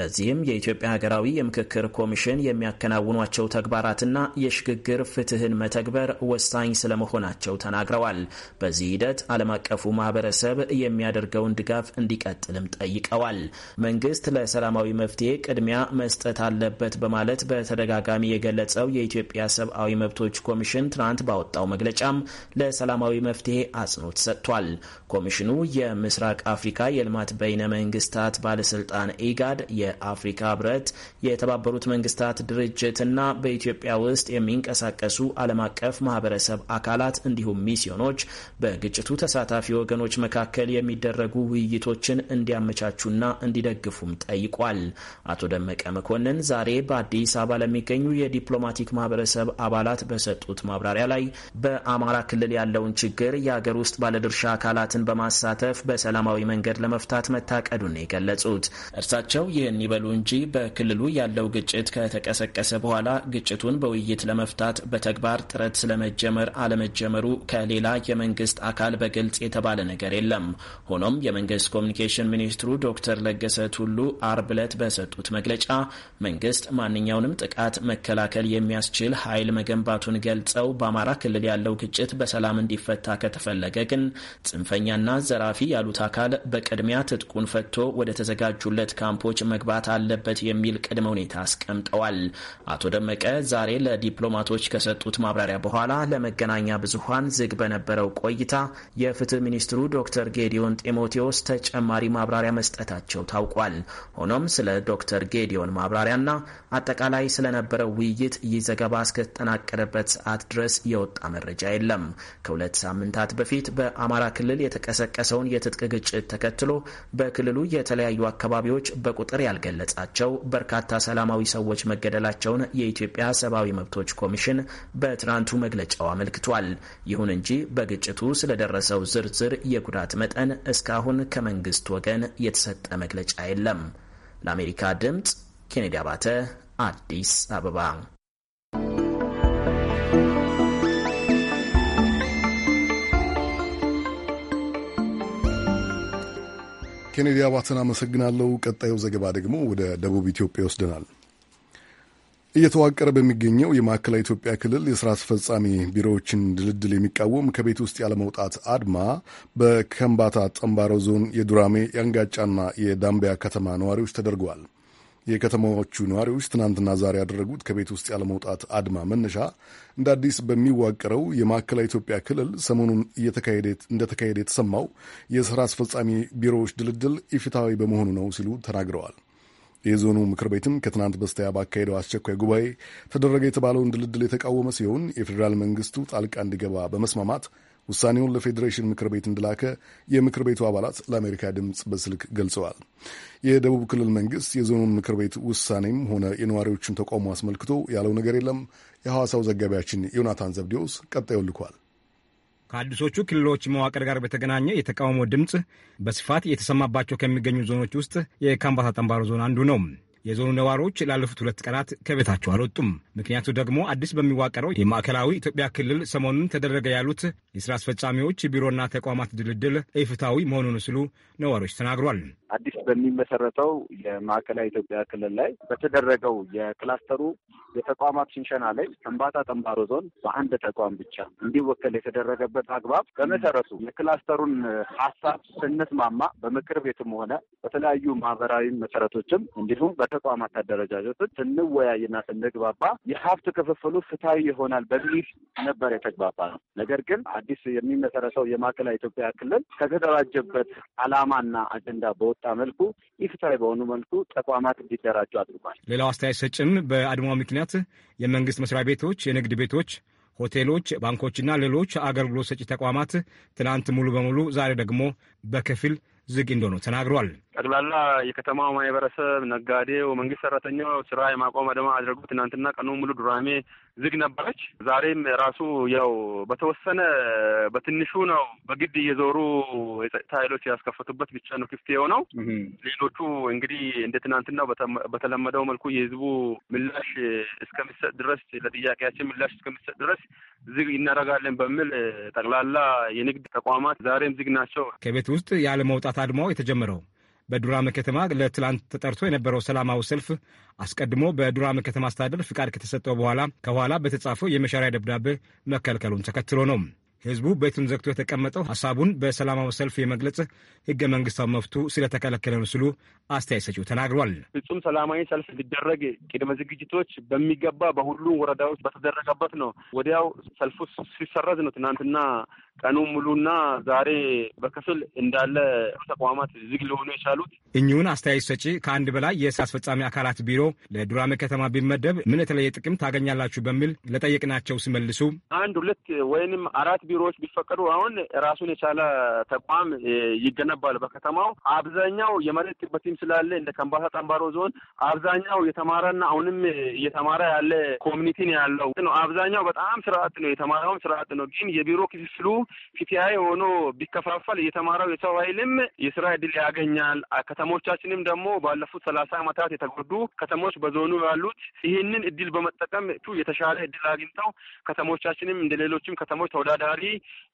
ለዚህም የኢትዮጵያ ሀገራዊ የምክክር ኮሚሽን የሚያከናውኗቸው ተግባራትና የሽግግር ፍትህን መተግበር ወሳኝ ስለመሆናቸው ተናግረዋል። በዚህ ሂደት ዓለም አቀፉ ማህበረሰብ የሚያደርገውን ድጋፍ እንዲቀጥልም ጠይቀዋል። መንግስት ለሰላማዊ መፍትሄ ቅድሚያ መስጠት አለበት በማለት በተደጋጋሚ የገለጸው የኢትዮጵያ የኢትዮጵያ ሰብአዊ መብቶች ኮሚሽን ትናንት ባወጣው መግለጫም ለሰላማዊ መፍትሄ አጽንኦት ሰጥቷል። ኮሚሽኑ የምስራቅ አፍሪካ የልማት በይነ መንግስታት ባለስልጣን ኢጋድ፣ የአፍሪካ ህብረት፣ የተባበሩት መንግስታት ድርጅት እና በኢትዮጵያ ውስጥ የሚንቀሳቀሱ ዓለም አቀፍ ማህበረሰብ አካላት እንዲሁም ሚስዮኖች በግጭቱ ተሳታፊ ወገኖች መካከል የሚደረጉ ውይይቶችን እንዲያመቻቹና እንዲደግፉም ጠይቋል። አቶ ደመቀ መኮንን ዛሬ በአዲስ አበባ ለሚገኙ የዲፕሎማቲክ ማህበረ ማህበረሰብ አባላት በሰጡት ማብራሪያ ላይ በአማራ ክልል ያለውን ችግር የአገር ውስጥ ባለድርሻ አካላትን በማሳተፍ በሰላማዊ መንገድ ለመፍታት መታቀዱን የገለጹት እርሳቸው ይህን ይበሉ እንጂ በክልሉ ያለው ግጭት ከተቀሰቀሰ በኋላ ግጭቱን በውይይት ለመፍታት በተግባር ጥረት ስለመጀመር አለመጀመሩ ከሌላ የመንግስት አካል በግልጽ የተባለ ነገር የለም። ሆኖም የመንግስት ኮሚኒኬሽን ሚኒስትሩ ዶክተር ለገሰ ቱሉ አርብ ዕለት በሰጡት መግለጫ መንግስት ማንኛውንም ጥቃት መከላከል የሚያስችል ክልል ኃይል መገንባቱን ገልጸው በአማራ ክልል ያለው ግጭት በሰላም እንዲፈታ ከተፈለገ ግን ጽንፈኛና ዘራፊ ያሉት አካል በቅድሚያ ትጥቁን ፈቶ ወደ ተዘጋጁለት ካምፖች መግባት አለበት የሚል ቅድመ ሁኔታ አስቀምጠዋል። አቶ ደመቀ ዛሬ ለዲፕሎማቶች ከሰጡት ማብራሪያ በኋላ ለመገናኛ ብዙሃን ዝግ በነበረው ቆይታ የፍትህ ሚኒስትሩ ዶክተር ጌዲዮን ጢሞቴዎስ ተጨማሪ ማብራሪያ መስጠታቸው ታውቋል። ሆኖም ስለ ዶክተር ጌዲዮን ማብራሪያና አጠቃላይ ስለነበረው ውይይት ይህ ዘገባ እስከተጠናቀረበት ሰዓት ድረስ የወጣ መረጃ የለም። ከሁለት ሳምንታት በፊት በአማራ ክልል የተቀሰቀሰውን የትጥቅ ግጭት ተከትሎ በክልሉ የተለያዩ አካባቢዎች በቁጥር ያልገለጻቸው በርካታ ሰላማዊ ሰዎች መገደላቸውን የኢትዮጵያ ሰብአዊ መብቶች ኮሚሽን በትናንቱ መግለጫው አመልክቷል። ይሁን እንጂ በግጭቱ ስለደረሰው ዝርዝር የጉዳት መጠን እስካሁን ከመንግስት ወገን የተሰጠ መግለጫ የለም። ለአሜሪካ ድምፅ ኬኔዲ አባተ አዲስ አበባ ኬኔዲ አባትን አመሰግናለሁ። ቀጣዩ ዘገባ ደግሞ ወደ ደቡብ ኢትዮጵያ ይወስደናል። እየተዋቀረ በሚገኘው የማዕከላዊ ኢትዮጵያ ክልል የስራ አስፈጻሚ ቢሮዎችን ድልድል የሚቃወም ከቤት ውስጥ ያለመውጣት አድማ በከምባታ ጠምባሮ ዞን የዱራሜ የአንጋጫና የዳምቢያ ከተማ ነዋሪዎች ተደርገዋል። የከተማዎቹ ነዋሪዎች ትናንትና ዛሬ ያደረጉት ከቤት ውስጥ ያለመውጣት አድማ መነሻ እንደ አዲስ በሚዋቀረው የማዕከላዊ ኢትዮጵያ ክልል ሰሞኑን እንደተካሄደ የተሰማው የስራ አስፈጻሚ ቢሮዎች ድልድል ኢፍትሐዊ በመሆኑ ነው ሲሉ ተናግረዋል። የዞኑ ምክር ቤትም ከትናንት በስቲያ ባካሄደው አስቸኳይ ጉባኤ ተደረገ የተባለውን ድልድል የተቃወመ ሲሆን የፌዴራል መንግስቱ ጣልቃ እንዲገባ በመስማማት ውሳኔውን ለፌዴሬሽን ምክር ቤት እንደላከ የምክር ቤቱ አባላት ለአሜሪካ ድምፅ በስልክ ገልጸዋል። የደቡብ ክልል መንግስት የዞኑን ምክር ቤት ውሳኔም ሆነ የነዋሪዎችን ተቃውሞ አስመልክቶ ያለው ነገር የለም። የሐዋሳው ዘጋቢያችን ዮናታን ዘብዴዎስ ቀጣዩ ልኳል። ከአዲሶቹ ክልሎች መዋቅር ጋር በተገናኘ የተቃውሞ ድምፅ በስፋት የተሰማባቸው ከሚገኙ ዞኖች ውስጥ የካምባታ ጠንባሮ ዞን አንዱ ነው። የዞኑ ነዋሪዎች ላለፉት ሁለት ቀናት ከቤታቸው አልወጡም። ምክንያቱ ደግሞ አዲስ በሚዋቀረው የማዕከላዊ ኢትዮጵያ ክልል ሰሞኑን ተደረገ ያሉት የስራ አስፈጻሚዎች ቢሮና ተቋማት ድልድል ኢፍታዊ መሆኑን ሲሉ ነዋሪዎች ተናግሯል። አዲስ በሚመሰረተው የማዕከላዊ ኢትዮጵያ ክልል ላይ በተደረገው የክላስተሩ የተቋማት ሽንሸና ላይ ከምባታ ጠምባሮ ዞን በአንድ ተቋም ብቻ እንዲወከል የተደረገበት አግባብ በመሰረቱ የክላስተሩን ሀሳብ ስንስማማ በምክር ቤትም ሆነ በተለያዩ ማህበራዊ መሰረቶችም እንዲሁም በተቋማት አደረጃጀቶች ስንወያይና ስንግባባ የሀብት ክፍፍሉ ፍትሐዊ ይሆናል በሚል ነበር የተግባባ ነው። ነገር ግን አዲስ የሚመሰረተው የማዕከላዊ ኢትዮጵያ ክልል ከተደራጀበት ዓላማና አጀንዳ በወጣ መልኩ ኢፍትሐዊ በሆኑ መልኩ ተቋማት እንዲደራጁ አድርጓል። ሌላው አስተያየት ሰጭም በአድማው ምክንያት የመንግስት መስሪያ ቤቶች፣ የንግድ ቤቶች ሆቴሎች፣ ባንኮችና ሌሎች አገልግሎት ሰጪ ተቋማት ትናንት ሙሉ በሙሉ ዛሬ ደግሞ በከፊል ዝግ እንደሆነ ተናግሯል። ጠቅላላ የከተማው ማህበረሰብ፣ ነጋዴው፣ መንግስት ሰራተኛው ስራ የማቆም አድማ አድርጎ ትናንትና ቀኑ ሙሉ ዱራሜ ዝግ ነበረች። ዛሬም ራሱ ያው በተወሰነ በትንሹ ነው በግድ እየዞሩ የጸጥታ ኃይሎች ያስከፈቱበት ብቻ ነው ክፍት የሆነው። ሌሎቹ እንግዲህ እንደ ትናንትናው በተለመደው መልኩ የህዝቡ ምላሽ እስከሚሰጥ ድረስ ለጥያቄያችን ምላሽ እስከሚሰጥ ድረስ ዝግ እናደርጋለን በሚል ጠቅላላ የንግድ ተቋማት ዛሬም ዝግ ናቸው። ከቤት ውስጥ ያለመውጣት አድማው የተጀመረው በዱራም ከተማ ለትላንት ተጠርቶ የነበረው ሰላማዊ ሰልፍ አስቀድሞ በዱራም ከተማ አስተዳደር ፍቃድ ከተሰጠው በኋላ ከኋላ በተጻፈው የመሻሪያ ደብዳቤ መከልከሉን ተከትሎ ነው። ህዝቡ ቤቱን ዘግቶ የተቀመጠው ሀሳቡን በሰላማዊ ሰልፍ የመግለጽ ህገ መንግስታዊ መፍቱ ስለተከለከለ ነው ሲሉ አስተያየት ሰጪው ተናግሯል። ፍጹም ሰላማዊ ሰልፍ ሊደረግ ቅድመ ዝግጅቶች በሚገባ በሁሉም ወረዳዎች በተደረገበት ነው። ወዲያው ሰልፉ ሲሰረዝ ነው ትናንትና ቀኑን ሙሉና ዛሬ በክፍል እንዳለ ተቋማት ዝግ ሊሆኑ የቻሉት። እኚሁን አስተያየት ሰጪ ከአንድ በላይ የስራ አስፈጻሚ አካላት ቢሮ ለዱራሜ ከተማ ቢመደብ ምን የተለየ ጥቅም ታገኛላችሁ በሚል ለጠየቅናቸው ሲመልሱ አንድ ሁለት ወይንም አራት ቢሮዎች ቢፈቀዱ አሁን ራሱን የቻለ ተቋም ይገነባል። በከተማው አብዛኛው የመሬት ጥበትም ስላለ እንደ ከምባታ ጠንባሮ ዞን አብዛኛው የተማረና አሁንም እየተማረ ያለ ኮሚኒቲ ነው ያለው አብዛኛው በጣም ስርአት ነው የተማረውም ስርአት ነው። ግን የቢሮ ክፍፍሉ ፍትሐዊ ሆኖ ቢከፋፈል የተማረው የሰው ኃይልም የስራ እድል ያገኛል። ከተሞቻችንም ደግሞ ባለፉት ሰላሳ ዓመታት የተጎዱ ከተሞች በዞኑ ያሉት ይህንን እድል በመጠቀም የተሻለ እድል አግኝተው ከተሞቻችንም እንደ ሌሎችም ከተሞች ተወዳዳሪ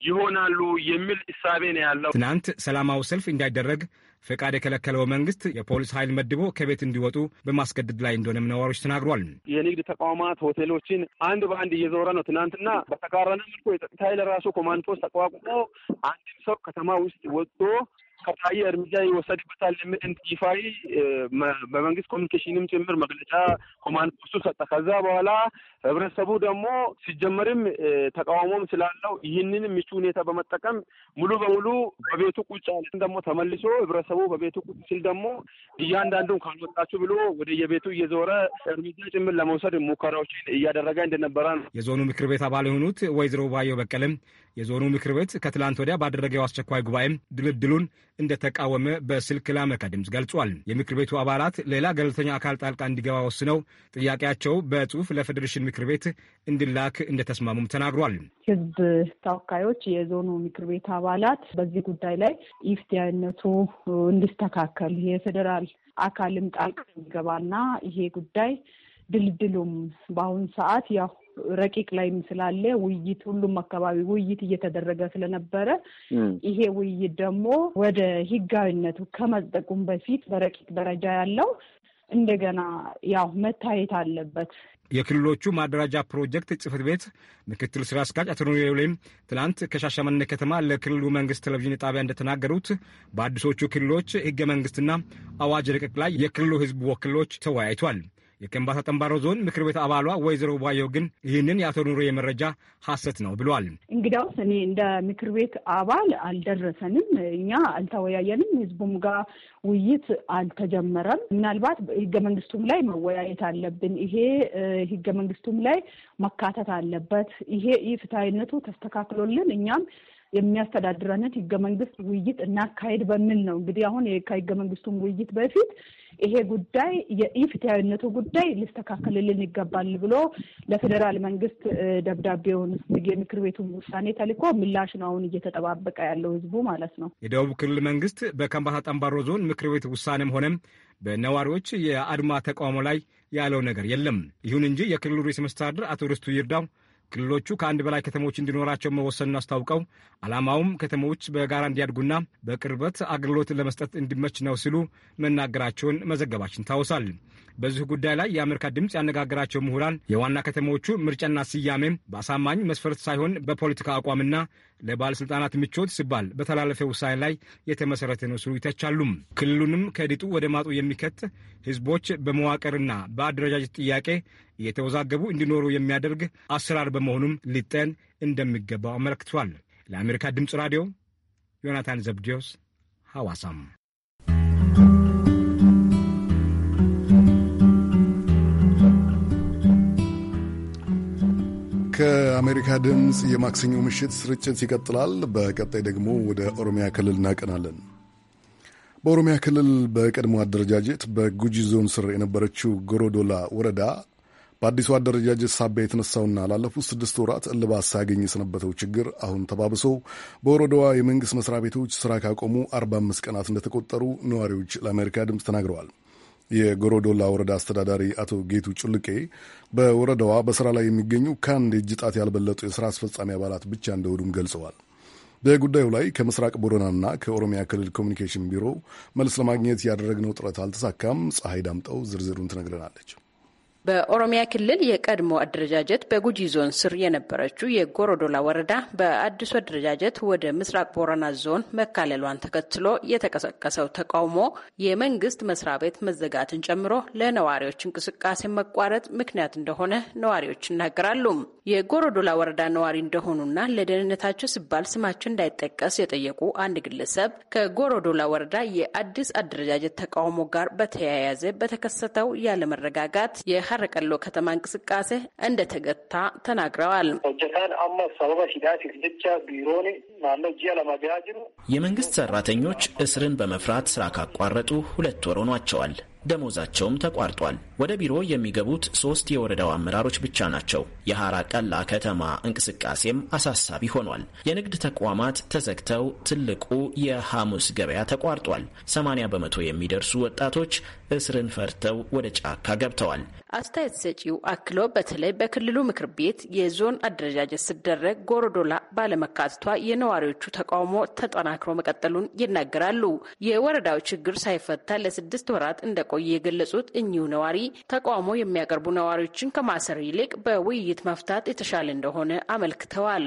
ይሆናሉ የሚል እሳቤ ነው ያለው። ትናንት ሰላማዊ ሰልፍ እንዳይደረግ ፈቃድ የከለከለው መንግስት የፖሊስ ኃይል መድቦ ከቤት እንዲወጡ በማስገደድ ላይ እንደሆነም ነዋሪዎች ተናግሯል። የንግድ ተቋማት ሆቴሎችን አንድ በአንድ እየዞረ ነው። ትናንትና በተቃረነ መልኩ የጸጥታ ኃይል ራሱ ኮማንድ ፖስት ተቋቁሞ አንድም ሰው ከተማ ውስጥ ወጥቶ ከታየ እርምጃ ይወሰድበታል የሚል ይፋዊ በመንግስት ኮሚኒኬሽንም ጭምር መግለጫ ኮማንድ ፖስቱ ሰጠ። ከዛ በኋላ ህብረተሰቡ ደግሞ ሲጀመርም ተቃውሞም ስላለው ይህንን ምቹ ሁኔታ በመጠቀም ሙሉ በሙሉ በቤቱ ቁጭ አለ። ደግሞ ተመልሶ ህብረተሰቡ በቤቱ ቁጭ ሲል ደግሞ እያንዳንዱን ካልወጣችሁ ብሎ ወደ የቤቱ እየዞረ እርምጃ ጭምር ለመውሰድ ሙከራዎችን እያደረገ እንደነበረ ነው። የዞኑ ምክር ቤት አባል የሆኑት ወይዘሮ ባየው በቀለም የዞኑ ምክር ቤት ከትላንት ወዲያ ባደረገው አስቸኳይ ጉባኤም ድልድሉን እንደተቃወመ በስልክ ላመካ ድምፅ ገልጿል። የምክር ቤቱ አባላት ሌላ ገለልተኛ አካል ጣልቃ እንዲገባ ወስነው ጥያቄያቸው በጽሁፍ ለፌዴሬሽን ምክር ቤት እንዲላክ እንደተስማሙም ተናግሯል። ህዝብ ተወካዮች የዞኑ ምክር ቤት አባላት በዚህ ጉዳይ ላይ ኢፍትያዊነቱ እንዲስተካከል የፌዴራል አካልም ጣልቃ እንዲገባና ይሄ ጉዳይ ድልድሉም በአሁኑ ሰዓት ያው ረቂቅ ላይም ስላለ ውይይት ሁሉም አካባቢ ውይይት እየተደረገ ስለነበረ ይሄ ውይይት ደግሞ ወደ ህጋዊነቱ ከመጠቁም በፊት በረቂቅ ደረጃ ያለው እንደገና ያው መታየት አለበት። የክልሎቹ ማደራጃ ፕሮጀክት ጽህፈት ቤት ምክትል ስራ አስኪያጅ አቶ ኑሬሌም ትናንት ከሻሸመኔ ከተማ ለክልሉ መንግስት ቴሌቪዥን ጣቢያ እንደተናገሩት በአዲሶቹ ክልሎች ህገ መንግስትና አዋጅ ርቅቅ ላይ የክልሉ ህዝብ ወክሎች ተወያይቷል። የከምባታ ጠንባሮ ዞን ምክር ቤት አባሏ ወይዘሮ ባየው ግን ይህንን የአቶ ኑሮ የመረጃ ሀሰት ነው ብለዋል። እንግዲያውስ እኔ እንደ ምክር ቤት አባል አልደረሰንም፣ እኛ አልተወያየንም፣ ህዝቡም ጋር ውይይት አልተጀመረም። ምናልባት ህገ መንግስቱም ላይ መወያየት አለብን። ይሄ ህገ መንግስቱም ላይ መካተት አለበት። ይሄ ኢፍትሐዊነቱ ተስተካክሎልን እኛም የሚያስተዳድረንን ህገ መንግስት ውይይት እናካሄድ በሚል ነው እንግዲህ አሁን ከህገ መንግስቱም ውይይት በፊት ይሄ ጉዳይ የኢፍትሐዊነቱ ጉዳይ ሊስተካከልልን ይገባል ብሎ ለፌዴራል መንግስት ደብዳቤውን የምክር ቤቱን ውሳኔ ተልኮ ምላሽ ነው አሁን እየተጠባበቀ ያለው ህዝቡ ማለት ነው። የደቡብ ክልል መንግስት በከምባታ ጠምባሮ ዞን ምክር ቤት ውሳኔም ሆነም በነዋሪዎች የአድማ ተቃውሞ ላይ ያለው ነገር የለም። ይሁን እንጂ የክልሉ ርዕሰ መስተዳድር አቶ ርስቱ ይርዳው ክልሎቹ ከአንድ በላይ ከተሞች እንዲኖራቸው መወሰኑን አስታውቀው ዓላማውም ከተሞች በጋራ እንዲያድጉና በቅርበት አገልግሎት ለመስጠት እንዲመች ነው ሲሉ መናገራቸውን መዘገባችን ታወሳል። በዚህ ጉዳይ ላይ የአሜሪካ ድምፅ ያነጋገራቸው ምሁራን የዋና ከተሞቹ ምርጫና ስያሜም በአሳማኝ መስፈርት ሳይሆን በፖለቲካ አቋምና ለባለሥልጣናት ምቾት ሲባል በተላለፈ ውሳኔ ላይ የተመሠረተ ነው ሲሉ ይተቻሉም። ክልሉንም ከድጡ ወደ ማጡ የሚከት ህዝቦች በመዋቅርና በአደረጃጀት ጥያቄ እየተወዛገቡ እንዲኖሩ የሚያደርግ አሰራር በመሆኑም ሊጠን እንደሚገባው አመለክቷል። ለአሜሪካ ድምፅ ራዲዮ ዮናታን ዘብዲዮስ ሐዋሳም ከአሜሪካ ድምፅ የማክሰኞ ምሽት ስርጭት ይቀጥላል። በቀጣይ ደግሞ ወደ ኦሮሚያ ክልል እናቀናለን። በኦሮሚያ ክልል በቀድሞ አደረጃጀት በጉጂ ዞን ስር የነበረችው ጎሮዶላ ወረዳ በአዲሱ አደረጃጀት ሳቢያ የተነሳውና ላለፉት ስድስት ወራት እልባት ሳያገኝ የሰነበተው ችግር አሁን ተባብሶ በወረዳዋ የመንግሥት መስሪያ ቤቶች ስራ ካቆሙ 45 ቀናት እንደተቆጠሩ ነዋሪዎች ለአሜሪካ ድምፅ ተናግረዋል። የጎሮዶላ ወረዳ አስተዳዳሪ አቶ ጌቱ ጭልቄ በወረዳዋ በስራ ላይ የሚገኙ ከአንድ የእጅ ጣት ያልበለጡ የስራ አስፈጻሚ አባላት ብቻ እንደሆኑም ገልጸዋል። በጉዳዩ ላይ ከምስራቅ ቦረናና ከኦሮሚያ ክልል ኮሚኒኬሽን ቢሮ መልስ ለማግኘት ያደረግነው ጥረት አልተሳካም። ፀሐይ ዳምጠው ዝርዝሩን ትነግረናለች። በኦሮሚያ ክልል የቀድሞ አደረጃጀት በጉጂ ዞን ስር የነበረችው የጎሮዶላ ወረዳ በአዲሱ አደረጃጀት ወደ ምስራቅ ቦረና ዞን መካለሏን ተከትሎ የተቀሰቀሰው ተቃውሞ የመንግስት መስሪያ ቤት መዘጋትን ጨምሮ ለነዋሪዎች እንቅስቃሴ መቋረጥ ምክንያት እንደሆነ ነዋሪዎች ይናገራሉ። የጎሮዶላ ወረዳ ነዋሪ እንደሆኑና ለደህንነታቸው ሲባል ስማቸው እንዳይጠቀስ የጠየቁ አንድ ግለሰብ ከጎሮዶላ ወረዳ የአዲስ አደረጃጀት ተቃውሞ ጋር በተያያዘ በተከሰተው ያለመረጋጋት የሀረ ከተማ እንቅስቃሴ እንደተገታ ተናግረዋል። የመንግስት ሰራተኞች እስርን በመፍራት ስራ ካቋረጡ ሁለት ወር ሆኗቸዋል። ደሞዛቸውም ተቋርጧል። ወደ ቢሮ የሚገቡት ሶስት የወረዳው አመራሮች ብቻ ናቸው። የሐራ ቀላ ከተማ እንቅስቃሴም አሳሳቢ ሆኗል። የንግድ ተቋማት ተዘግተው ትልቁ የሐሙስ ገበያ ተቋርጧል። 80 በመቶ የሚደርሱ ወጣቶች እስርን ፈርተው ወደ ጫካ ገብተዋል። አስተያየት ሰጪው አክሎ በተለይ በክልሉ ምክር ቤት የዞን አደረጃጀት ሲደረግ ጎሮዶላ ባለመካተቷ የነዋሪዎቹ ተቃውሞ ተጠናክሮ መቀጠሉን ይናገራሉ። የወረዳው ችግር ሳይፈታ ለስድስት ወራት እንደቆየ የገለጹት እኚሁ ነዋሪ ተቃውሞ የሚያቀርቡ ነዋሪዎችን ከማሰር ይልቅ በውይይት መፍታት የተሻለ እንደሆነ አመልክተዋል።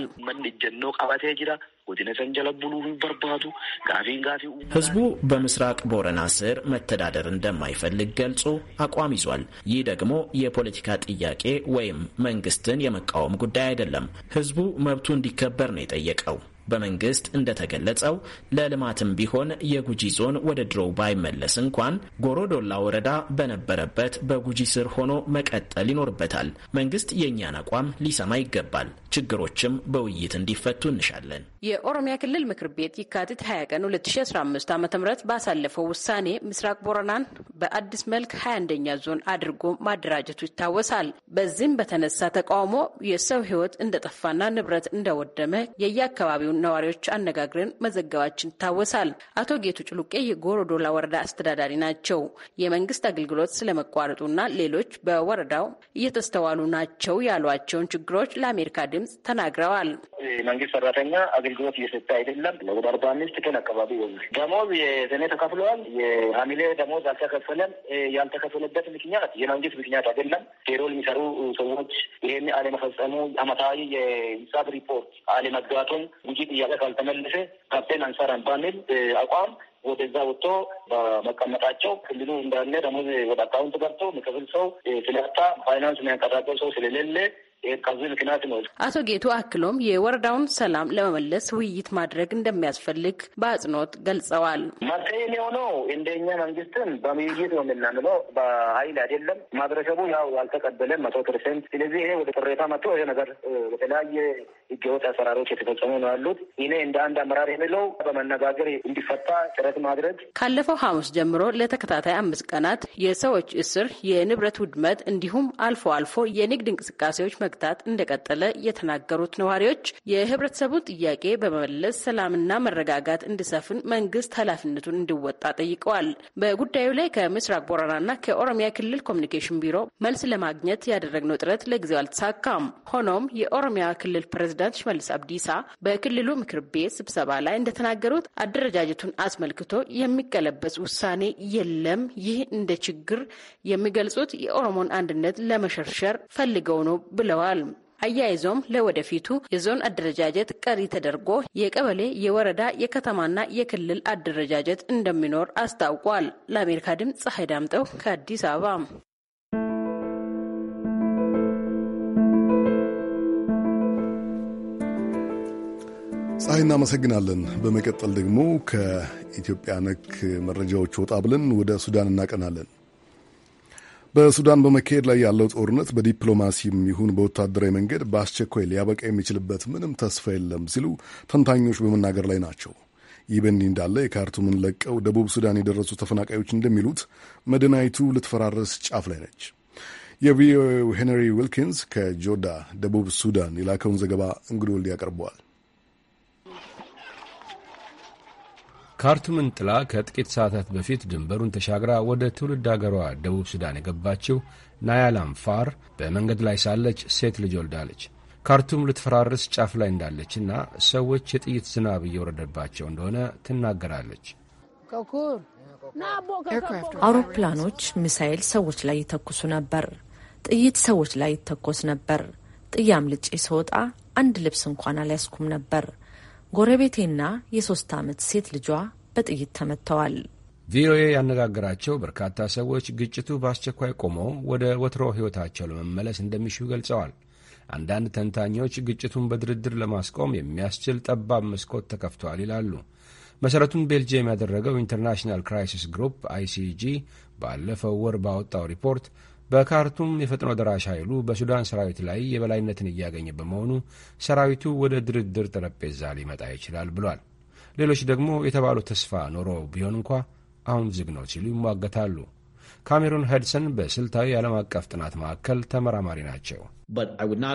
ህዝቡ በምስራቅ ቦረና ስር መተዳደር እንደማይፈልግ ገልጾ አቋም ይዟል። ይህ ደግሞ የፖለቲካ ጥያቄ ወይም መንግስትን የመቃወም ጉዳይ አይደለም። ህዝቡ መብቱ እንዲከበር ነው የጠየቀው። በመንግስት እንደተገለጸው ለልማትም ቢሆን የጉጂ ዞን ወደ ድሮው ባይመለስ እንኳን ጎሮዶላ ወረዳ በነበረበት በጉጂ ስር ሆኖ መቀጠል ይኖርበታል። መንግስት የእኛን አቋም ሊሰማ ይገባል። ችግሮችም በውይይት እንዲፈቱ እንሻለን። የኦሮሚያ ክልል ምክር ቤት የካቲት 20 ቀን 2015 ዓ ም ባሳለፈው ውሳኔ ምስራቅ ቦረናን በአዲስ መልክ 21ኛ ዞን አድርጎ ማደራጀቱ ይታወሳል። በዚህም በተነሳ ተቃውሞ የሰው ህይወት እንደጠፋና ንብረት እንደወደመ የየአካባቢው ነዋሪዎች አነጋግረን መዘገባችን ይታወሳል። አቶ ጌቱ ጭሉቄ የጎሮዶላ ወረዳ አስተዳዳሪ ናቸው። የመንግስት አገልግሎት ስለመቋረጡና ሌሎች በወረዳው እየተስተዋሉ ናቸው ያሏቸውን ችግሮች ለአሜሪካ ድምጽ ተናግረዋል። መንግስት ሰራተኛ አገልግሎት እየሰጠ አይደለም። ወደ አርባ አምስት ቀን አካባቢ ይሆናል። ደሞዝ የሰኔ ተከፍለዋል። የሐምሌ ደሞዝ አልተከፈለም። ያልተከፈለበት ምክንያት የመንግስት ምክንያት አይደለም። ፔሮል የሚሰሩ ሰዎች ይህን አለመፈጸሙ፣ አመታዊ የሂሳብ ሪፖርት አለመግባቱን ጉጂ ጥያቄ ካልተመለሰ ካፕቴን አንሰራን በሚል አቋም ወደዛ ወጥቶ በመቀመጣቸው ክልሉ እንዳለ ደሞዝ ወደ አካውንት ገብቶ ምክፍል ሰው ስለታ ፋይናንስ የሚያንቀሳቀስ ሰው ስለሌለ ከዚህ ምክንያት ነው። አቶ ጌቱ አክሎም የወረዳውን ሰላም ለመመለስ ውይይት ማድረግ እንደሚያስፈልግ በአጽንኦት ገልጸዋል። መፍትሄን የሆነው እንደኛ መንግስትን በውይይት ነው የምናምለው፣ በሀይል አይደለም። ማህበረሰቡ ያው አልተቀበለም መቶ ፐርሰንት። ስለዚህ ይሄ ወደ ቅሬታ መጥቶ ይሄ ነገር በተለያየ ህገወጥ አሰራሮች የተፈጸሙ ነው ያሉት። እኔ እንደ አንድ አመራር የሚለው በመነጋገር እንዲፈታ ጥረት ማድረግ ካለፈው ሐሙስ ጀምሮ ለተከታታይ አምስት ቀናት የሰዎች እስር፣ የንብረት ውድመት እንዲሁም አልፎ አልፎ የንግድ እንቅስቃሴዎች መግታት እንደቀጠለ የተናገሩት ነዋሪዎች የህብረተሰቡን ጥያቄ በመመለስ ሰላምና መረጋጋት እንዲሰፍን መንግስት ኃላፊነቱን እንዲወጣ ጠይቀዋል። በጉዳዩ ላይ ከምስራቅ ቦረናና ከኦሮሚያ ክልል ኮሚኒኬሽን ቢሮ መልስ ለማግኘት ያደረግነው ጥረት ለጊዜው አልተሳካም። ሆኖም የኦሮሚያ ክልል ፕሬዚዳንት ሽመልስ አብዲሳ በክልሉ ምክር ቤት ስብሰባ ላይ እንደተናገሩት አደረጃጀቱን አስመልክቶ የሚቀለበስ ውሳኔ የለም። ይህ እንደ ችግር የሚገልጹት የኦሮሞን አንድነት ለመሸርሸር ፈልገው ነው ብለዋል። ገልጸዋል። አያይዞም ለወደፊቱ የዞን አደረጃጀት ቀሪ ተደርጎ የቀበሌ፣ የወረዳ፣ የከተማና የክልል አደረጃጀት እንደሚኖር አስታውቋል። ለአሜሪካ ድምፅ ፀሐይ ዳምጠው ከአዲስ አበባ። ፀሐይ እናመሰግናለን። በመቀጠል ደግሞ ከኢትዮጵያ ነክ መረጃዎች ወጣ ብለን ወደ ሱዳን እናቀናለን። በሱዳን በመካሄድ ላይ ያለው ጦርነት በዲፕሎማሲም ይሁን በወታደራዊ መንገድ በአስቸኳይ ሊያበቃ የሚችልበት ምንም ተስፋ የለም ሲሉ ተንታኞች በመናገር ላይ ናቸው። ይህ በእንዲህ እንዳለ የካርቱምን ለቀው ደቡብ ሱዳን የደረሱ ተፈናቃዮች እንደሚሉት መዲናይቱ ልትፈራረስ ጫፍ ላይ ነች። የቪኦኤው ሄንሪ ዊልኪንስ ከጆዳ ደቡብ ሱዳን የላከውን ዘገባ እንግዶ ያቀርበዋል። ካርቱምን ጥላ ከጥቂት ሰዓታት በፊት ድንበሩን ተሻግራ ወደ ትውልድ አገሯ ደቡብ ሱዳን የገባችው ናያላም ፋር በመንገድ ላይ ሳለች ሴት ልጅ ወልዳለች። ካርቱም ልትፈራርስ ጫፍ ላይ እንዳለችና ሰዎች የጥይት ዝናብ እየወረደባቸው እንደሆነ ትናገራለች። አውሮፕላኖች ሚሳይል ሰዎች ላይ ይተኩሱ ነበር። ጥይት ሰዎች ላይ ይተኮስ ነበር። ጥያም ልጬ ስወጣ አንድ ልብስ እንኳን አልያዝኩም ነበር። ጎረቤቴና የሶስት ዓመት ሴት ልጇ በጥይት ተመትተዋል። ቪኦኤ ያነጋገራቸው በርካታ ሰዎች ግጭቱ በአስቸኳይ ቆሞ ወደ ወትሮ ሕይወታቸው ለመመለስ እንደሚሹ ገልጸዋል። አንዳንድ ተንታኞች ግጭቱን በድርድር ለማስቆም የሚያስችል ጠባብ መስኮት ተከፍቷል ይላሉ። መሠረቱን ቤልጅየም ያደረገው ኢንተርናሽናል ክራይሲስ ግሩፕ አይሲጂ ባለፈው ወር ባወጣው ሪፖርት በካርቱም የፈጥኖ ደራሽ ኃይሉ በሱዳን ሰራዊት ላይ የበላይነትን እያገኘ በመሆኑ ሰራዊቱ ወደ ድርድር ጠረጴዛ ሊመጣ ይችላል ብሏል። ሌሎች ደግሞ የተባሉት ተስፋ ኖሮ ቢሆን እንኳ አሁን ዝግ ነው ሲሉ ይሟገታሉ። ካሜሩን ሄድሰን በስልታዊ የዓለም አቀፍ ጥናት ማዕከል ተመራማሪ ናቸው። uh,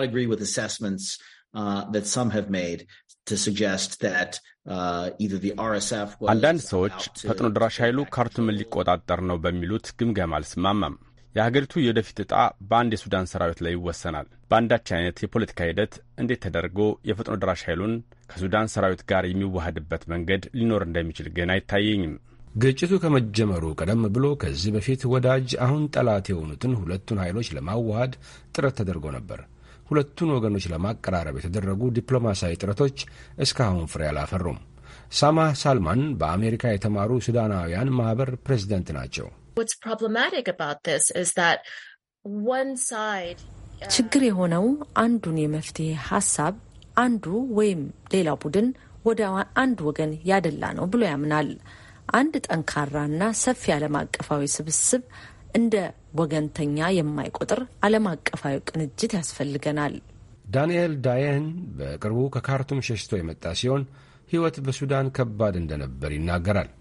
uh, አንዳንድ ሰዎች ፈጥኖ ድራሽ ኃይሉ ካርቱምን ሊቆጣጠር ነው በሚሉት ግምገማ አልስማማም። የሀገሪቱ የወደፊት ዕጣ በአንድ የሱዳን ሰራዊት ላይ ይወሰናል። በአንዳች አይነት የፖለቲካ ሂደት እንዴት ተደርጎ የፈጥኖ ደራሽ ኃይሉን ከሱዳን ሰራዊት ጋር የሚዋሃድበት መንገድ ሊኖር እንደሚችል ግን አይታየኝም። ግጭቱ ከመጀመሩ ቀደም ብሎ ከዚህ በፊት ወዳጅ አሁን ጠላት የሆኑትን ሁለቱን ኃይሎች ለማዋሃድ ጥረት ተደርጎ ነበር። ሁለቱን ወገኖች ለማቀራረብ የተደረጉ ዲፕሎማሲያዊ ጥረቶች እስካሁን ፍሬ አላፈሩም። ሳማህ ሳልማን በአሜሪካ የተማሩ ሱዳናውያን ማኅበር ፕሬዚደንት ናቸው። What's problematic about this is that one side uh, ችግር የሆነው አንዱን የመፍትሄ ሀሳብ አንዱ ወይም ሌላው ቡድን ወደ አንድ ወገን ያደላ ነው ብሎ ያምናል። አንድ ጠንካራና ሰፊ ዓለም አቀፋዊ ስብስብ እንደ ወገንተኛ የማይቆጥር ዓለም አቀፋዊ ቅንጅት ያስፈልገናል። ዳንኤል ዳየን በቅርቡ ከካርቱም ሸሽቶ የመጣ ሲሆን ሕይወት በሱዳን ከባድ እንደነበር ይናገራል።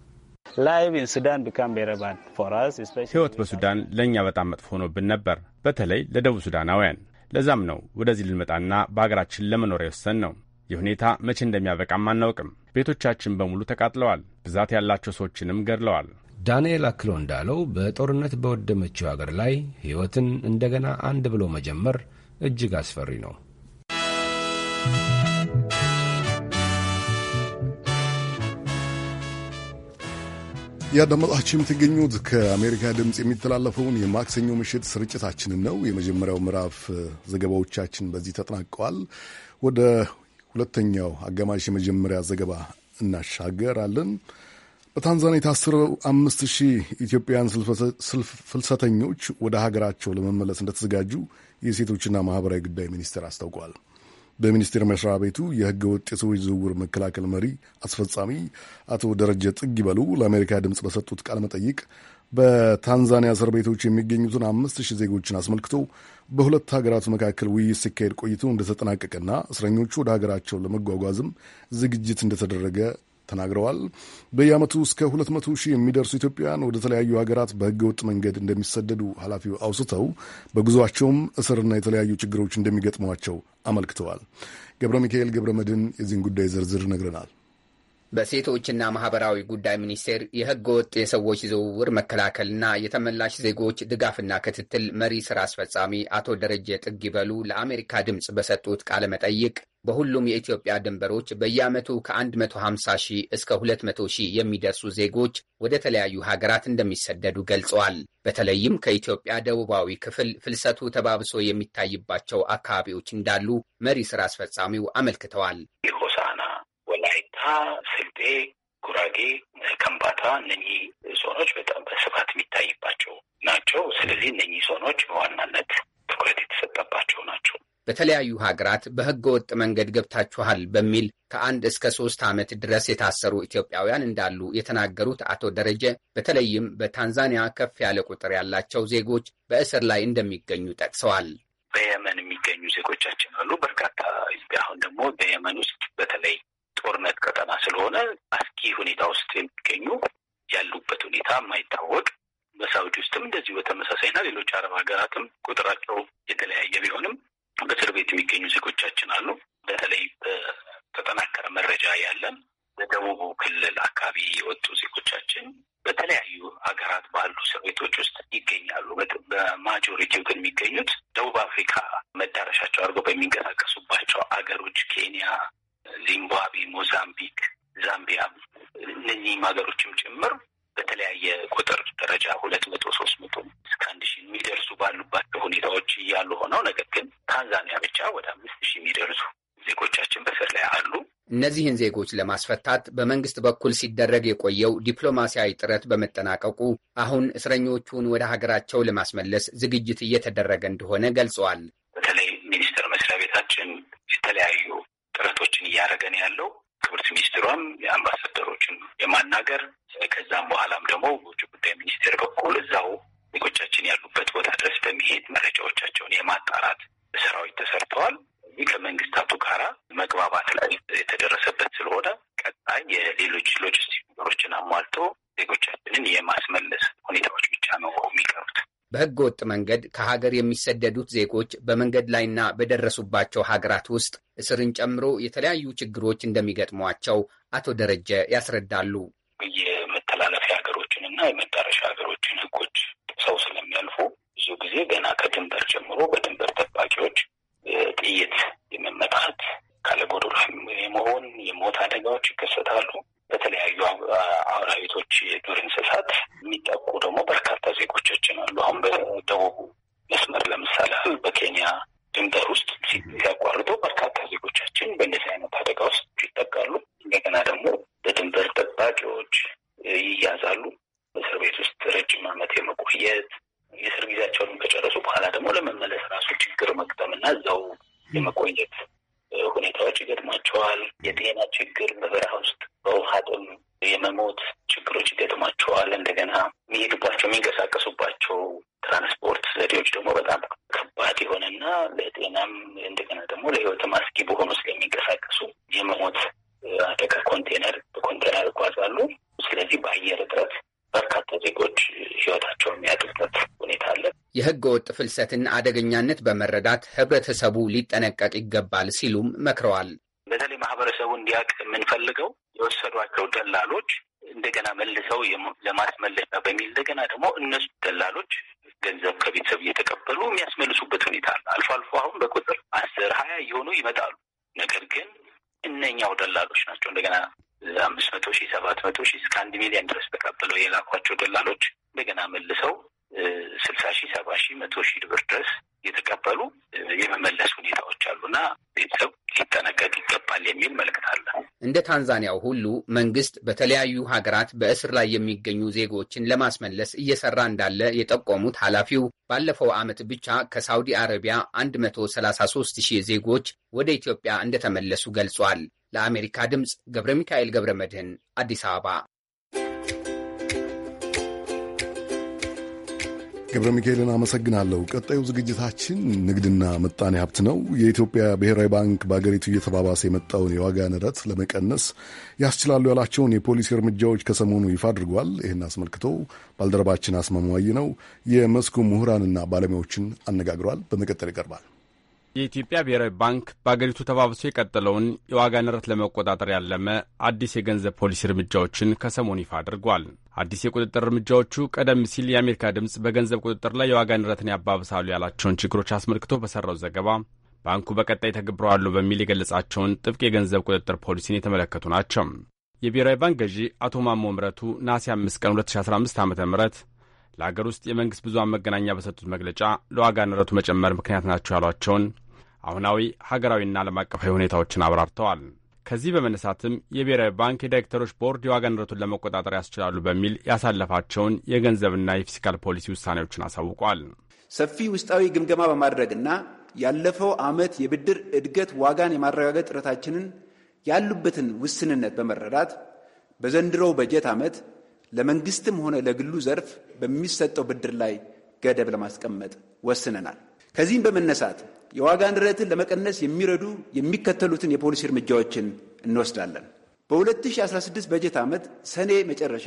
ሕይወት በሱዳን ለእኛ በጣም መጥፎ ሆኖብን ነበር፣ በተለይ ለደቡብ ሱዳናውያን። ለዛም ነው ወደዚህ ልንመጣና በሀገራችን ለመኖር የወሰን ነው። ይህ ሁኔታ መቼ እንደሚያበቃም አናውቅም። ቤቶቻችን በሙሉ ተቃጥለዋል። ብዛት ያላቸው ሰዎችንም ገድለዋል። ዳንኤል አክሎ እንዳለው በጦርነት በወደመችው አገር ላይ ሕይወትን እንደገና አንድ ብሎ መጀመር እጅግ አስፈሪ ነው። እያዳመጣችሁ የምትገኙት ከአሜሪካ ድምፅ የሚተላለፈውን የማክሰኞ ምሽት ስርጭታችንን ነው። የመጀመሪያው ምዕራፍ ዘገባዎቻችን በዚህ ተጠናቀዋል። ወደ ሁለተኛው አጋማሽ የመጀመሪያ ዘገባ እናሻገራለን። በታንዛኒያ የታሰረው አምስት ሺህ ኢትዮጵያውያን ፍልሰተኞች ወደ ሀገራቸው ለመመለስ እንደተዘጋጁ የሴቶችና ማህበራዊ ጉዳይ ሚኒስቴር አስታውቀዋል። በሚኒስቴር መስሪያ ቤቱ የህገ ወጥ የሰዎች ዝውውር መከላከል መሪ አስፈጻሚ አቶ ደረጀ ጥግ ይበሉ ለአሜሪካ ድምፅ በሰጡት ቃለ መጠይቅ በታንዛኒያ እስር ቤቶች የሚገኙትን አምስት ሺህ ዜጎችን አስመልክቶ በሁለት ሀገራት መካከል ውይይት ሲካሄድ ቆይቶ እንደተጠናቀቀና እስረኞቹ ወደ ሀገራቸው ለመጓጓዝም ዝግጅት እንደተደረገ ተናግረዋል። በየዓመቱ እስከ 200 ሺህ የሚደርሱ ኢትዮጵያውያን ወደ ተለያዩ ሀገራት በህገወጥ መንገድ እንደሚሰደዱ ኃላፊው አውስተው በጉዞአቸውም እስርና የተለያዩ ችግሮች እንደሚገጥሟቸው አመልክተዋል። ገብረ ሚካኤል ገብረ መድን የዚህን ጉዳይ ዝርዝር ነግረናል በሴቶችና ማህበራዊ ጉዳይ ሚኒስቴር የህገ ወጥ የሰዎች ዝውውር መከላከልና የተመላሽ ዜጎች ድጋፍና ክትትል መሪ ስራ አስፈጻሚ አቶ ደረጀ ጥግ ይበሉ ለአሜሪካ ድምፅ በሰጡት ቃለ መጠይቅ በሁሉም የኢትዮጵያ ድንበሮች በየዓመቱ ከ150 ሺህ እስከ 200 ሺህ የሚደርሱ ዜጎች ወደ ተለያዩ ሀገራት እንደሚሰደዱ ገልጸዋል። በተለይም ከኢትዮጵያ ደቡባዊ ክፍል ፍልሰቱ ተባብሶ የሚታይባቸው አካባቢዎች እንዳሉ መሪ ስራ አስፈጻሚው አመልክተዋል። ስልጤ፣ ጉራጌ፣ ከምባታ እነኚህ ዞኖች በጣም በስፋት የሚታይባቸው ናቸው። ስለዚህ እነኚህ ዞኖች በዋናነት ትኩረት የተሰጠባቸው ናቸው። በተለያዩ ሀገራት በህገ ወጥ መንገድ ገብታችኋል በሚል ከአንድ እስከ ሶስት ዓመት ድረስ የታሰሩ ኢትዮጵያውያን እንዳሉ የተናገሩት አቶ ደረጀ በተለይም በታንዛኒያ ከፍ ያለ ቁጥር ያላቸው ዜጎች በእስር ላይ እንደሚገኙ ጠቅሰዋል። በየመን የሚገኙ ዜጎቻችን አሉ። በርካታ አሁን ደግሞ በየመን ውስጥ በተለይ ጦርነት ቀጠና ስለሆነ አስኪ ሁኔታ ውስጥ የሚገኙ ያሉበት ሁኔታ የማይታወቅ በሳውዲ ውስጥም እንደዚሁ በተመሳሳይና ሌሎች አረብ ሀገራትም ቁጥራቸው የተለያየ ቢሆንም በእስር ቤት የሚገኙ ዜጎቻችን አሉ። በተለይ በተጠናከረ መረጃ ያለን በደቡቡ ክልል አካባቢ የወጡ ዜጎቻችን በተለያዩ ሀገራት ባሉ እስር ቤቶች ውስጥ ይገኛሉ። በማጆሪቲው ግን የሚገኙት ደቡብ አፍሪካ መዳረሻቸው አድርገው በሚንቀሳቀሱባቸው አገሮች ኬንያ፣ ዚምባብዌ፣ ሞዛምቢክ፣ ዛምቢያ እነኚህም ሀገሮችም ጭምር በተለያየ ቁጥር ደረጃ ሁለት መቶ ሶስት መቶ እስከ አንድ ሺህ የሚደርሱ ባሉባቸው ሁኔታዎች እያሉ ሆነው ነገር ግን ታንዛኒያ ብቻ ወደ አምስት ሺህ የሚደርሱ ዜጎቻችን በስር ላይ አሉ። እነዚህን ዜጎች ለማስፈታት በመንግስት በኩል ሲደረግ የቆየው ዲፕሎማሲያዊ ጥረት በመጠናቀቁ አሁን እስረኞቹን ወደ ሀገራቸው ለማስመለስ ዝግጅት እየተደረገ እንደሆነ ገልጸዋል። በተለይ ሚኒስቴር መስሪያ ቤታችን የተለያዩ ጥረቶችን እያደረገ ነው ያለው። ክብርት ሚኒስትሯም የአምባሳደሮችን የማናገር ከዛም በኋላም ደግሞ በውጭ ጉዳይ ሚኒስቴር በኩል እዛው ዜጎቻችን ያሉበት ቦታ ድረስ በመሄድ መረጃዎቻቸውን የማጣራት ስራዎች ተሰርተዋል። እዚህ ከመንግስታቱ ጋራ መግባባት ላይ የተደረሰበት ስለሆነ ቀጣይ የሌሎች ሎጂስቲክ ነገሮችን አሟልቶ ዜጎቻችንን የማስመለስ ሁኔታዎች ብቻ ነው የሚቀሩት። በህገ ወጥ መንገድ ከሀገር የሚሰደዱት ዜጎች በመንገድ ላይና በደረሱባቸው ሀገራት ውስጥ እስርን ጨምሮ የተለያዩ ችግሮች እንደሚገጥሟቸው አቶ ደረጀ ያስረዳሉ። ፍልሰትን አደገኛነት በመረዳት ህብረተሰቡ ሊጠነቀቅ ይገባል ሲሉም መክረዋል። በተለይ ማህበረሰቡ እንዲያውቅ የምንፈልገው የወሰዷቸው ደላሎች እንደገና መልሰው ለማስመለሻ በሚል እንደገና ደግሞ እነሱ ደላሎች ገንዘብ ከቤተሰብ እየተቀበሉ የሚያስመልሱበት ሁኔታ አለ። አልፎ አልፎ አሁን በቁጥር አስር ሀያ እየሆኑ ይመጣሉ። ነገር ግን እነኛው ደላሎች ናቸው እንደገና አምስት መቶ ሺህ ሰባት መቶ ሺህ እስከ አንድ ሚሊዮን ድረስ ተቀብለው የላኳቸው ደላሎች እንደገና መልሰው ስልሳ ሺህ ሰባ ሺህ መቶ ሺህ ብር ድረስ የተቀበሉ የመመለስ ሁኔታዎች አሉና ቤተሰብ ሊጠነቀቅ ይገባል የሚል መልእክት አለ። እንደ ታንዛኒያው ሁሉ መንግስት በተለያዩ ሀገራት በእስር ላይ የሚገኙ ዜጎችን ለማስመለስ እየሰራ እንዳለ የጠቆሙት ኃላፊው ባለፈው ዓመት ብቻ ከሳውዲ አረቢያ 133 ሺህ ዜጎች ወደ ኢትዮጵያ እንደተመለሱ ገልጿል። ለአሜሪካ ድምፅ ገብረ ሚካኤል ገብረ መድህን አዲስ አበባ ገብረ ሚካኤልን አመሰግናለሁ። ቀጣዩ ዝግጅታችን ንግድና ምጣኔ ሀብት ነው። የኢትዮጵያ ብሔራዊ ባንክ በአገሪቱ እየተባባሰ የመጣውን የዋጋ ንረት ለመቀነስ ያስችላሉ ያላቸውን የፖሊሲ እርምጃዎች ከሰሞኑ ይፋ አድርጓል። ይህን አስመልክቶ ባልደረባችን አስማማዋይ ነው የመስኩ ምሁራንና ባለሙያዎችን አነጋግሯል። በመቀጠል ይቀርባል። የኢትዮጵያ ብሔራዊ ባንክ በአገሪቱ ተባብሶ የቀጠለውን የዋጋ ንረት ለመቆጣጠር ያለመ አዲስ የገንዘብ ፖሊሲ እርምጃዎችን ከሰሞኑ ይፋ አድርጓል። አዲስ የቁጥጥር እርምጃዎቹ ቀደም ሲል የአሜሪካ ድምፅ በገንዘብ ቁጥጥር ላይ የዋጋ ንረትን ያባብሳሉ ያላቸውን ችግሮች አስመልክቶ በሰራው ዘገባ ባንኩ በቀጣይ ተግብረዋሉ በሚል የገለጻቸውን ጥብቅ የገንዘብ ቁጥጥር ፖሊሲን የተመለከቱ ናቸው። የብሔራዊ ባንክ ገዢ አቶ ማሞ ምረቱ ነሐሴ 5 ቀን 2015 ዓ ም ለአገር ውስጥ የመንግሥት ብዙሃን መገናኛ በሰጡት መግለጫ ለዋጋ ንረቱ መጨመር ምክንያት ናቸው ያሏቸውን አሁናዊ ሀገራዊና ዓለም አቀፋዊ ሁኔታዎችን አብራርተዋል። ከዚህ በመነሳትም የብሔራዊ ባንክ የዳይሬክተሮች ቦርድ የዋጋ ንረቱን ለመቆጣጠር ያስችላሉ በሚል ያሳለፋቸውን የገንዘብና የፊስካል ፖሊሲ ውሳኔዎችን አሳውቋል። ሰፊ ውስጣዊ ግምገማ በማድረግና ያለፈው ዓመት የብድር እድገት ዋጋን የማረጋገጥ ጥረታችንን ያሉበትን ውስንነት በመረዳት በዘንድሮው በጀት ዓመት ለመንግስትም ሆነ ለግሉ ዘርፍ በሚሰጠው ብድር ላይ ገደብ ለማስቀመጥ ወስነናል። ከዚህም በመነሳት የዋጋ ንረትን ለመቀነስ የሚረዱ የሚከተሉትን የፖሊሲ እርምጃዎችን እንወስዳለን። በ2016 በጀት ዓመት ሰኔ መጨረሻ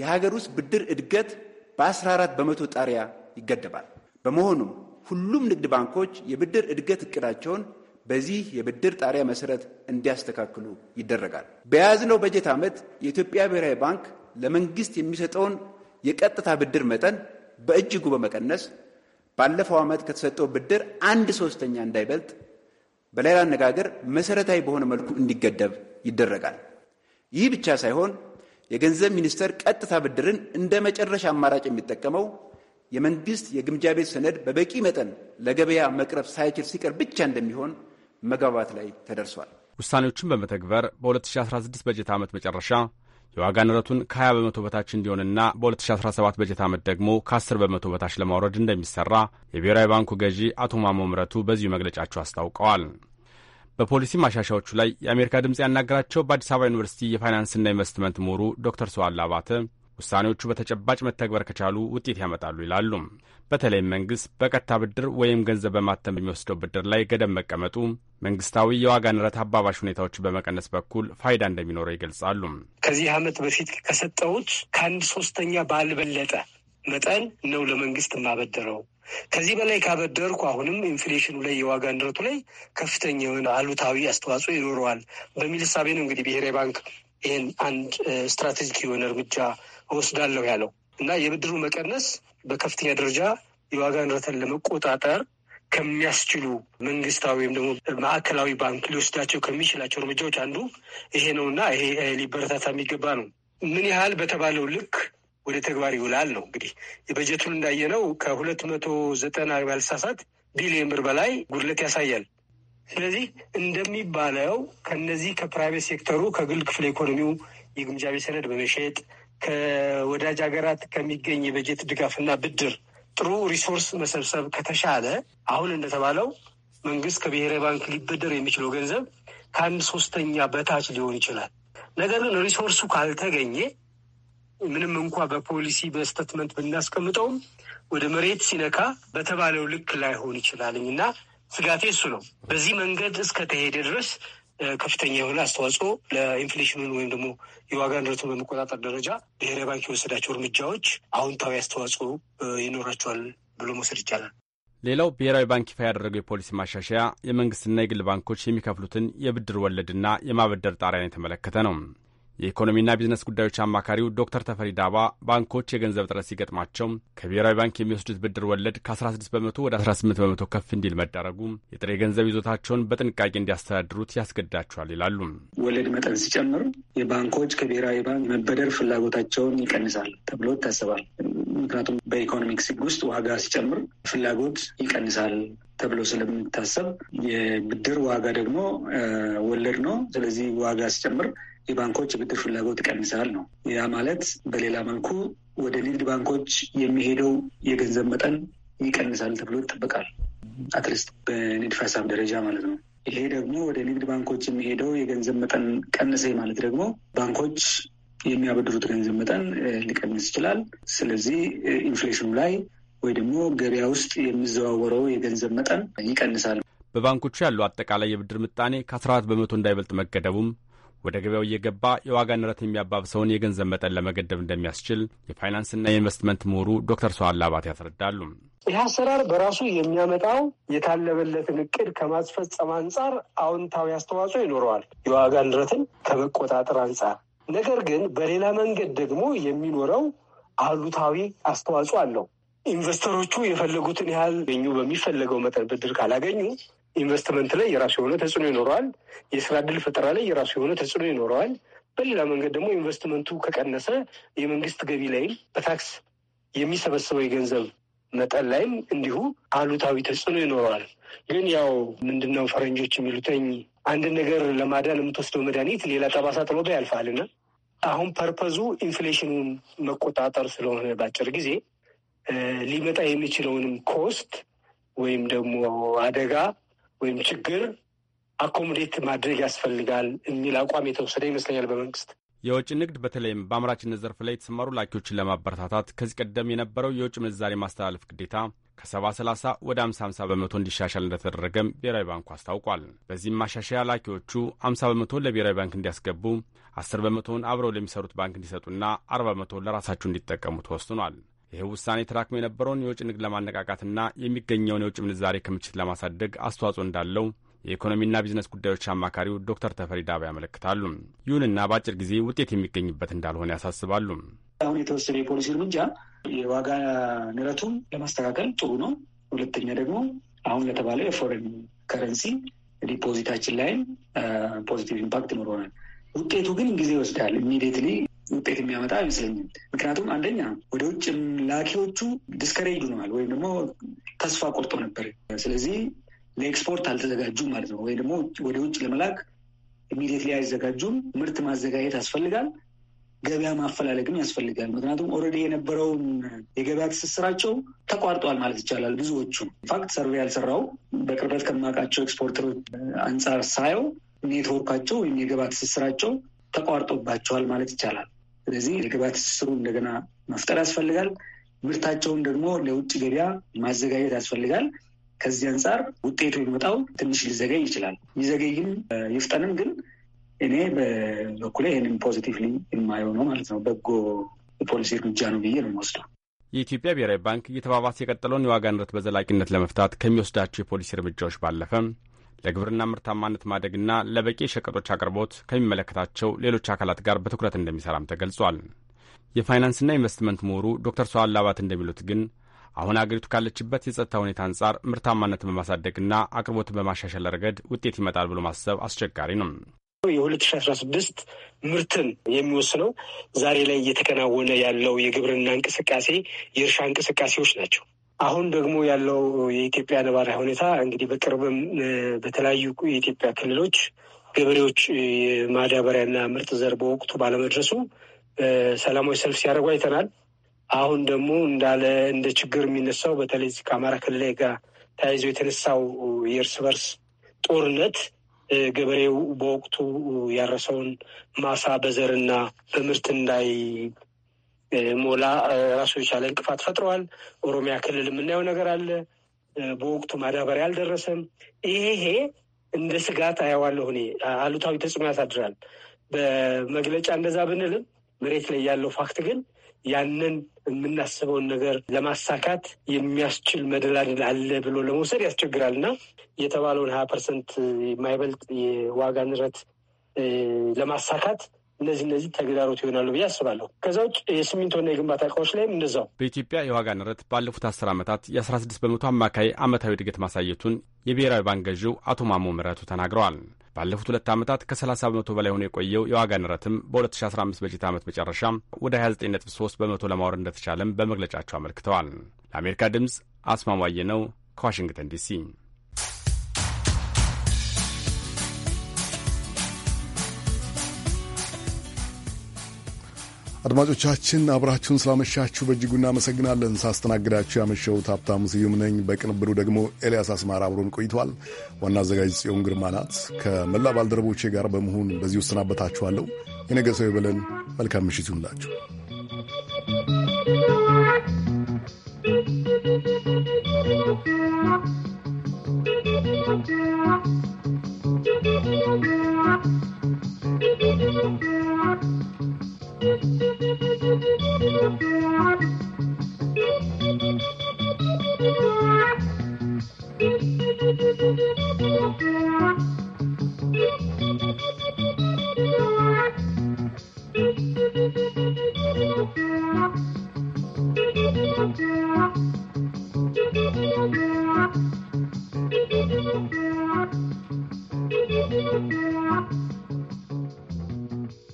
የሀገር ውስጥ ብድር እድገት በ14 በመቶ ጣሪያ ይገደባል። በመሆኑም ሁሉም ንግድ ባንኮች የብድር እድገት እቅዳቸውን በዚህ የብድር ጣሪያ መሰረት እንዲያስተካክሉ ይደረጋል። በያዝነው በጀት ዓመት የኢትዮጵያ ብሔራዊ ባንክ ለመንግስት የሚሰጠውን የቀጥታ ብድር መጠን በእጅጉ በመቀነስ ባለፈው ዓመት ከተሰጠው ብድር አንድ ሶስተኛ እንዳይበልጥ በሌላ አነጋገር መሰረታዊ በሆነ መልኩ እንዲገደብ ይደረጋል። ይህ ብቻ ሳይሆን የገንዘብ ሚኒስቴር ቀጥታ ብድርን እንደ መጨረሻ አማራጭ የሚጠቀመው የመንግስት የግምጃ ቤት ሰነድ በበቂ መጠን ለገበያ መቅረብ ሳይችል ሲቀር ብቻ እንደሚሆን መግባባት ላይ ተደርሷል። ውሳኔዎችን በመተግበር በ2016 በጀት ዓመት መጨረሻ የዋጋ ንረቱን ከ20 በመቶ በታች እንዲሆንና በ2017 በጀት ዓመት ደግሞ ከ10 በመቶ በታች ለማውረድ እንደሚሰራ የብሔራዊ ባንኩ ገዢ አቶ ማሞ ምረቱ በዚሁ መግለጫቸው አስታውቀዋል። በፖሊሲ ማሻሻዎቹ ላይ የአሜሪካ ድምፅ ያናገራቸው በአዲስ አበባ ዩኒቨርሲቲ የፋይናንስና ኢንቨስትመንት ምሁሩ ዶክተር ሰዋላ አባተ ውሳኔዎቹ በተጨባጭ መተግበር ከቻሉ ውጤት ያመጣሉ ይላሉ። በተለይም መንግሥት በቀጥታ ብድር ወይም ገንዘብ በማተም በሚወስደው ብድር ላይ ገደብ መቀመጡ መንግስታዊ የዋጋ ንረት አባባሽ ሁኔታዎችን በመቀነስ በኩል ፋይዳ እንደሚኖረው ይገልጻሉ። ከዚህ ዓመት በፊት ከሰጠሁት ከአንድ ሶስተኛ ባልበለጠ መጠን ነው ለመንግስት የማበደረው። ከዚህ በላይ ካበደርኩ አሁንም ኢንፍሌሽኑ ላይ የዋጋ ንረቱ ላይ ከፍተኛ የሆነ አሉታዊ አስተዋጽኦ ይኖረዋል በሚል እሳቤ ነው እንግዲህ ብሔራዊ ባንክ ይህን አንድ ስትራቴጂክ የሆነ እርምጃ እወስዳለሁ ያለው እና የብድሩ መቀነስ በከፍተኛ ደረጃ የዋጋ ንረትን ለመቆጣጠር ከሚያስችሉ መንግስታዊ ወይም ደግሞ ማዕከላዊ ባንክ ሊወስዳቸው ከሚችላቸው እርምጃዎች አንዱ ይሄ ነው እና ይሄ ሊበረታታ የሚገባ ነው። ምን ያህል በተባለው ልክ ወደ ተግባር ይውላል ነው እንግዲህ የበጀቱን እንዳየነው ከሁለት መቶ ዘጠና ባልሳሳት ቢሊዮን ብር በላይ ጉድለት ያሳያል። ስለዚህ እንደሚባለው ከነዚህ ከፕራይቬት ሴክተሩ ከግል ክፍለ ኢኮኖሚው የግምጃ ቤት ሰነድ በመሸጥ ከወዳጅ ሀገራት ከሚገኝ የበጀት ድጋፍና ብድር ጥሩ ሪሶርስ መሰብሰብ ከተሻለ አሁን እንደተባለው መንግስት ከብሔራዊ ባንክ ሊበደር የሚችለው ገንዘብ ከአንድ ሶስተኛ በታች ሊሆን ይችላል። ነገር ግን ሪሶርሱ ካልተገኘ ምንም እንኳ በፖሊሲ በስተትመንት ብናስቀምጠውም ወደ መሬት ሲነካ በተባለው ልክ ላይሆን ይችላል እና ስጋቴ እሱ ነው። በዚህ መንገድ እስከተሄደ ድረስ ከፍተኛ የሆነ አስተዋጽኦ ለኢንፍሌሽኑን ወይም ደግሞ የዋጋ ንረቱን በመቆጣጠር ደረጃ ብሔራዊ ባንክ የወሰዳቸው እርምጃዎች አዎንታዊ አስተዋጽኦ ይኖራቸዋል ብሎ መውሰድ ይቻላል። ሌላው ብሔራዊ ባንክ ይፋ ያደረገው የፖሊሲ ማሻሻያ የመንግስትና የግል ባንኮች የሚከፍሉትን የብድር ወለድና የማበደር ጣሪያን የተመለከተ ነው። የኢኮኖሚና ቢዝነስ ጉዳዮች አማካሪው ዶክተር ተፈሪ ዳባ ባንኮች የገንዘብ ጥረት ሲገጥማቸው ከብሔራዊ ባንክ የሚወስዱት ብድር ወለድ ከ16 በመቶ ወደ 18 በመቶ ከፍ እንዲል መዳረጉ የጥሬ ገንዘብ ይዞታቸውን በጥንቃቄ እንዲያስተዳድሩት ያስገዳቸዋል ይላሉ። ወለድ መጠን ሲጨምር የባንኮች ከብሔራዊ ባንክ መበደር ፍላጎታቸውን ይቀንሳል ተብሎ ይታሰባል። ምክንያቱም በኢኮኖሚክስ ውስጥ ዋጋ ሲጨምር ፍላጎት ይቀንሳል ተብሎ ስለምታሰብ የብድር ዋጋ ደግሞ ወለድ ነው። ስለዚህ ዋጋ ሲጨምር የባንኮች የብድር ፍላጎት ይቀንሳል ነው። ያ ማለት በሌላ መልኩ ወደ ንግድ ባንኮች የሚሄደው የገንዘብ መጠን ይቀንሳል ተብሎ ይጠበቃል። አትሊስት በንድፈ ሀሳብ ደረጃ ማለት ነው። ይሄ ደግሞ ወደ ንግድ ባንኮች የሚሄደው የገንዘብ መጠን ቀንሰ ማለት ደግሞ ባንኮች የሚያበድሩት ገንዘብ መጠን ሊቀንስ ይችላል። ስለዚህ ኢንፍሌሽኑ ላይ ወይ ደግሞ ገበያ ውስጥ የሚዘዋወረው የገንዘብ መጠን ይቀንሳል። በባንኮቹ ያለው አጠቃላይ የብድር ምጣኔ ከ14 በመቶ እንዳይበልጥ መገደቡም ወደ ገበያው እየገባ የዋጋ ንረት የሚያባብሰውን የገንዘብ መጠን ለመገደብ እንደሚያስችል የፋይናንስና የኢንቨስትመንት ምሁሩ ዶክተር ሰዋላ አባት ያስረዳሉ። ይህ አሰራር በራሱ የሚያመጣው የታለበለትን እቅድ ከማስፈጸም አንጻር አዎንታዊ አስተዋጽኦ ይኖረዋል፣ የዋጋ ንረትን ከመቆጣጠር አንጻር። ነገር ግን በሌላ መንገድ ደግሞ የሚኖረው አሉታዊ አስተዋጽኦ አለው። ኢንቨስተሮቹ የፈለጉትን ያህል ገኙ በሚፈለገው መጠን ብድር ካላገኙ ኢንቨስትመንት ላይ የራሱ የሆነ ተጽዕኖ ይኖረዋል። የስራ እድል ፈጠራ ላይ የራሱ የሆነ ተጽዕኖ ይኖረዋል። በሌላ መንገድ ደግሞ ኢንቨስትመንቱ ከቀነሰ የመንግስት ገቢ ላይም በታክስ የሚሰበስበው የገንዘብ መጠን ላይም እንዲሁ አሉታዊ ተጽዕኖ ይኖረዋል። ግን ያው ምንድነው ፈረንጆች የሚሉትኝ አንድ ነገር ለማዳን የምትወስደው መድኃኒት ሌላ ጠባሳ ጥሎበ ያልፋልና አሁን ፐርፐዙ ኢንፍሌሽኑን መቆጣጠር ስለሆነ በአጭር ጊዜ ሊመጣ የሚችለውንም ኮስት ወይም ደግሞ አደጋ ወይም ችግር አኮሞዴት ማድረግ ያስፈልጋል የሚል አቋም የተወሰደ ይመስለኛል በመንግስት። የውጭ ንግድ በተለይም በአምራችነት ዘርፍ ላይ የተሰማሩ ላኪዎችን ለማበረታታት ከዚህ ቀደም የነበረው የውጭ ምንዛሬ ማስተላለፍ ግዴታ ከ70 ወደ 50 በመቶ እንዲሻሻል እንደተደረገም ብሔራዊ ባንኩ አስታውቋል። በዚህም ማሻሻያ ላኪዎቹ 50 በመቶ ለብሔራዊ ባንክ እንዲያስገቡ፣ 10 በመቶውን አብረው ለሚሰሩት ባንክ እንዲሰጡና 40 በመቶ ለራሳቸው እንዲጠቀሙ ተወስኗል። ይህ ውሳኔ ተራክሞ የነበረውን የውጭ ንግድ ለማነቃቃትና የሚገኘውን የውጭ ምንዛሬ ክምችት ለማሳደግ አስተዋጽኦ እንዳለው የኢኮኖሚና ቢዝነስ ጉዳዮች አማካሪው ዶክተር ተፈሪ ዳባ ያመለክታሉ። ይሁንና በአጭር ጊዜ ውጤት የሚገኝበት እንዳልሆነ ያሳስባሉ። አሁን የተወሰነ የፖሊሲ እርምጃ የዋጋ ንረቱን ለማስተካከል ጥሩ ነው። ሁለተኛ ደግሞ አሁን ለተባለው የፎሬን ከረንሲ ዲፖዚታችን ላይም ፖዚቲቭ ኢምፓክት ይኖረናል። ውጤቱ ግን ጊዜ ይወስዳል። ኢሚዲየትሊ ውጤት የሚያመጣ አይመስለኝም። ምክንያቱም አንደኛ ወደ ውጭ ላኪዎቹ ዲስከሬጅ ሆነዋል ወይም ደግሞ ተስፋ ቆርጦ ነበር። ስለዚህ ለኤክስፖርት አልተዘጋጁም ማለት ነው። ወይ ደግሞ ወደ ውጭ ለመላክ ኢሚዲየትሊ አይዘጋጁም። ምርት ማዘጋጀት ያስፈልጋል። ገበያ ማፈላለግም ያስፈልጋል። ምክንያቱም ኦልሬዲ የነበረውን የገበያ ትስስራቸው ተቋርጧል ማለት ይቻላል። ብዙዎቹ ኢንፋክት ሰርቬ ያልሰራው በቅርበት ከማውቃቸው ኤክስፖርተሮች አንጻር ሳየው ኔትወርካቸው ወይም የገበያ ትስስራቸው ተቋርጦባቸዋል ማለት ይቻላል። ስለዚህ የግብአት ትስስሩ እንደገና መፍጠር ያስፈልጋል። ምርታቸውን ደግሞ ለውጭ ገበያ ማዘጋጀት ያስፈልጋል። ከዚህ አንጻር ውጤቱ የሚመጣው ትንሽ ሊዘገይ ይችላል። ይዘገይም ይፍጠንም፣ ግን እኔ በበኩሌ ይህንን ፖዚቲቭሊ የማየው ነው ማለት ነው። በጎ የፖሊሲ እርምጃ ነው ብዬ ነው የምወስደው። የኢትዮጵያ ብሔራዊ ባንክ እየተባባሰ የቀጠለውን የዋጋ ንረት በዘላቂነት ለመፍታት ከሚወስዳቸው የፖሊሲ እርምጃዎች ባለፈ ለግብርና ምርታማነት ማደግና ለበቂ ሸቀጦች አቅርቦት ከሚመለከታቸው ሌሎች አካላት ጋር በትኩረት እንደሚሰራም ተገልጿል። የፋይናንስና ኢንቨስትመንት ምሁሩ ዶክተር ሰዋላ አባት እንደሚሉት ግን አሁን አገሪቱ ካለችበት የጸጥታ ሁኔታ አንጻር ምርታማነትን በማሳደግና አቅርቦትን በማሻሻል ረገድ ውጤት ይመጣል ብሎ ማሰብ አስቸጋሪ ነው። የ2016 ምርትን የሚወስነው ዛሬ ላይ እየተከናወነ ያለው የግብርና እንቅስቃሴ፣ የእርሻ እንቅስቃሴዎች ናቸው። አሁን ደግሞ ያለው የኢትዮጵያ ነባራዊ ሁኔታ እንግዲህ በቅርብም በተለያዩ የኢትዮጵያ ክልሎች ገበሬዎች ማዳበሪያና ምርጥ ዘር በወቅቱ ባለመድረሱ ሰላማዊ ሰልፍ ሲያደርጉ አይተናል። አሁን ደግሞ እንዳለ እንደ ችግር የሚነሳው በተለይ ከአማራ ክልል ጋር ተያይዞ የተነሳው የእርስ በርስ ጦርነት ገበሬው በወቅቱ ያረሰውን ማሳ በዘርና በምርት እንዳይ ሞላ ራሱ የቻለ እንቅፋት ፈጥረዋል። ኦሮሚያ ክልል የምናየው ነገር አለ። በወቅቱ ማዳበሪያ አልደረሰም። ይሄ እንደ ስጋት አየዋለሁ እኔ። አሉታዊ ተጽዕኖ ያሳድራል። በመግለጫ እንደዛ ብንልም መሬት ላይ ያለው ፋክት ግን ያንን የምናስበውን ነገር ለማሳካት የሚያስችል መደላድል አለ ብሎ ለመውሰድ ያስቸግራል እና የተባለውን ሀያ ፐርሰንት የማይበልጥ የዋጋ ንረት ለማሳካት እነዚህ እነዚህ ተግዳሮት ይሆናሉ ብዬ አስባለሁ። ከዛ ውጭ የሲሚንቶና የግንባታ እቃዎች ላይም እንደዛው። በኢትዮጵያ የዋጋ ንረት ባለፉት አስር ዓመታት የ16 በመቶ አማካይ ዓመታዊ እድገት ማሳየቱን የብሔራዊ ባንክ ገዢው አቶ ማሞ ምረቱ ተናግረዋል። ባለፉት ሁለት ዓመታት ከ30 በመቶ በላይ ሆኖ የቆየው የዋጋ ንረትም በ2015 በጀት ዓመት መጨረሻ ወደ 29.3 በመቶ ለማውረድ እንደተቻለም በመግለጫቸው አመልክተዋል። ለአሜሪካ ድምፅ አስማማየ ነው ከዋሽንግተን ዲሲ አድማጮቻችን አብራችሁን ስላመሻችሁ በእጅጉ እናመሰግናለን። ሳስተናግዳችሁ ያመሸሁት ሀብታሙ ስዩም ነኝ። በቅንብሩ ደግሞ ኤልያስ አስማር አብሮን ቆይቷል። ዋና አዘጋጅ ጽዮን ግርማ ናት። ከመላ ባልደረቦቼ ጋር በመሆን በዚህ እሰናበታችኋለሁ። የነገ ሰው ይበለን። መልካም ምሽት ይሁንላችሁ። Haa.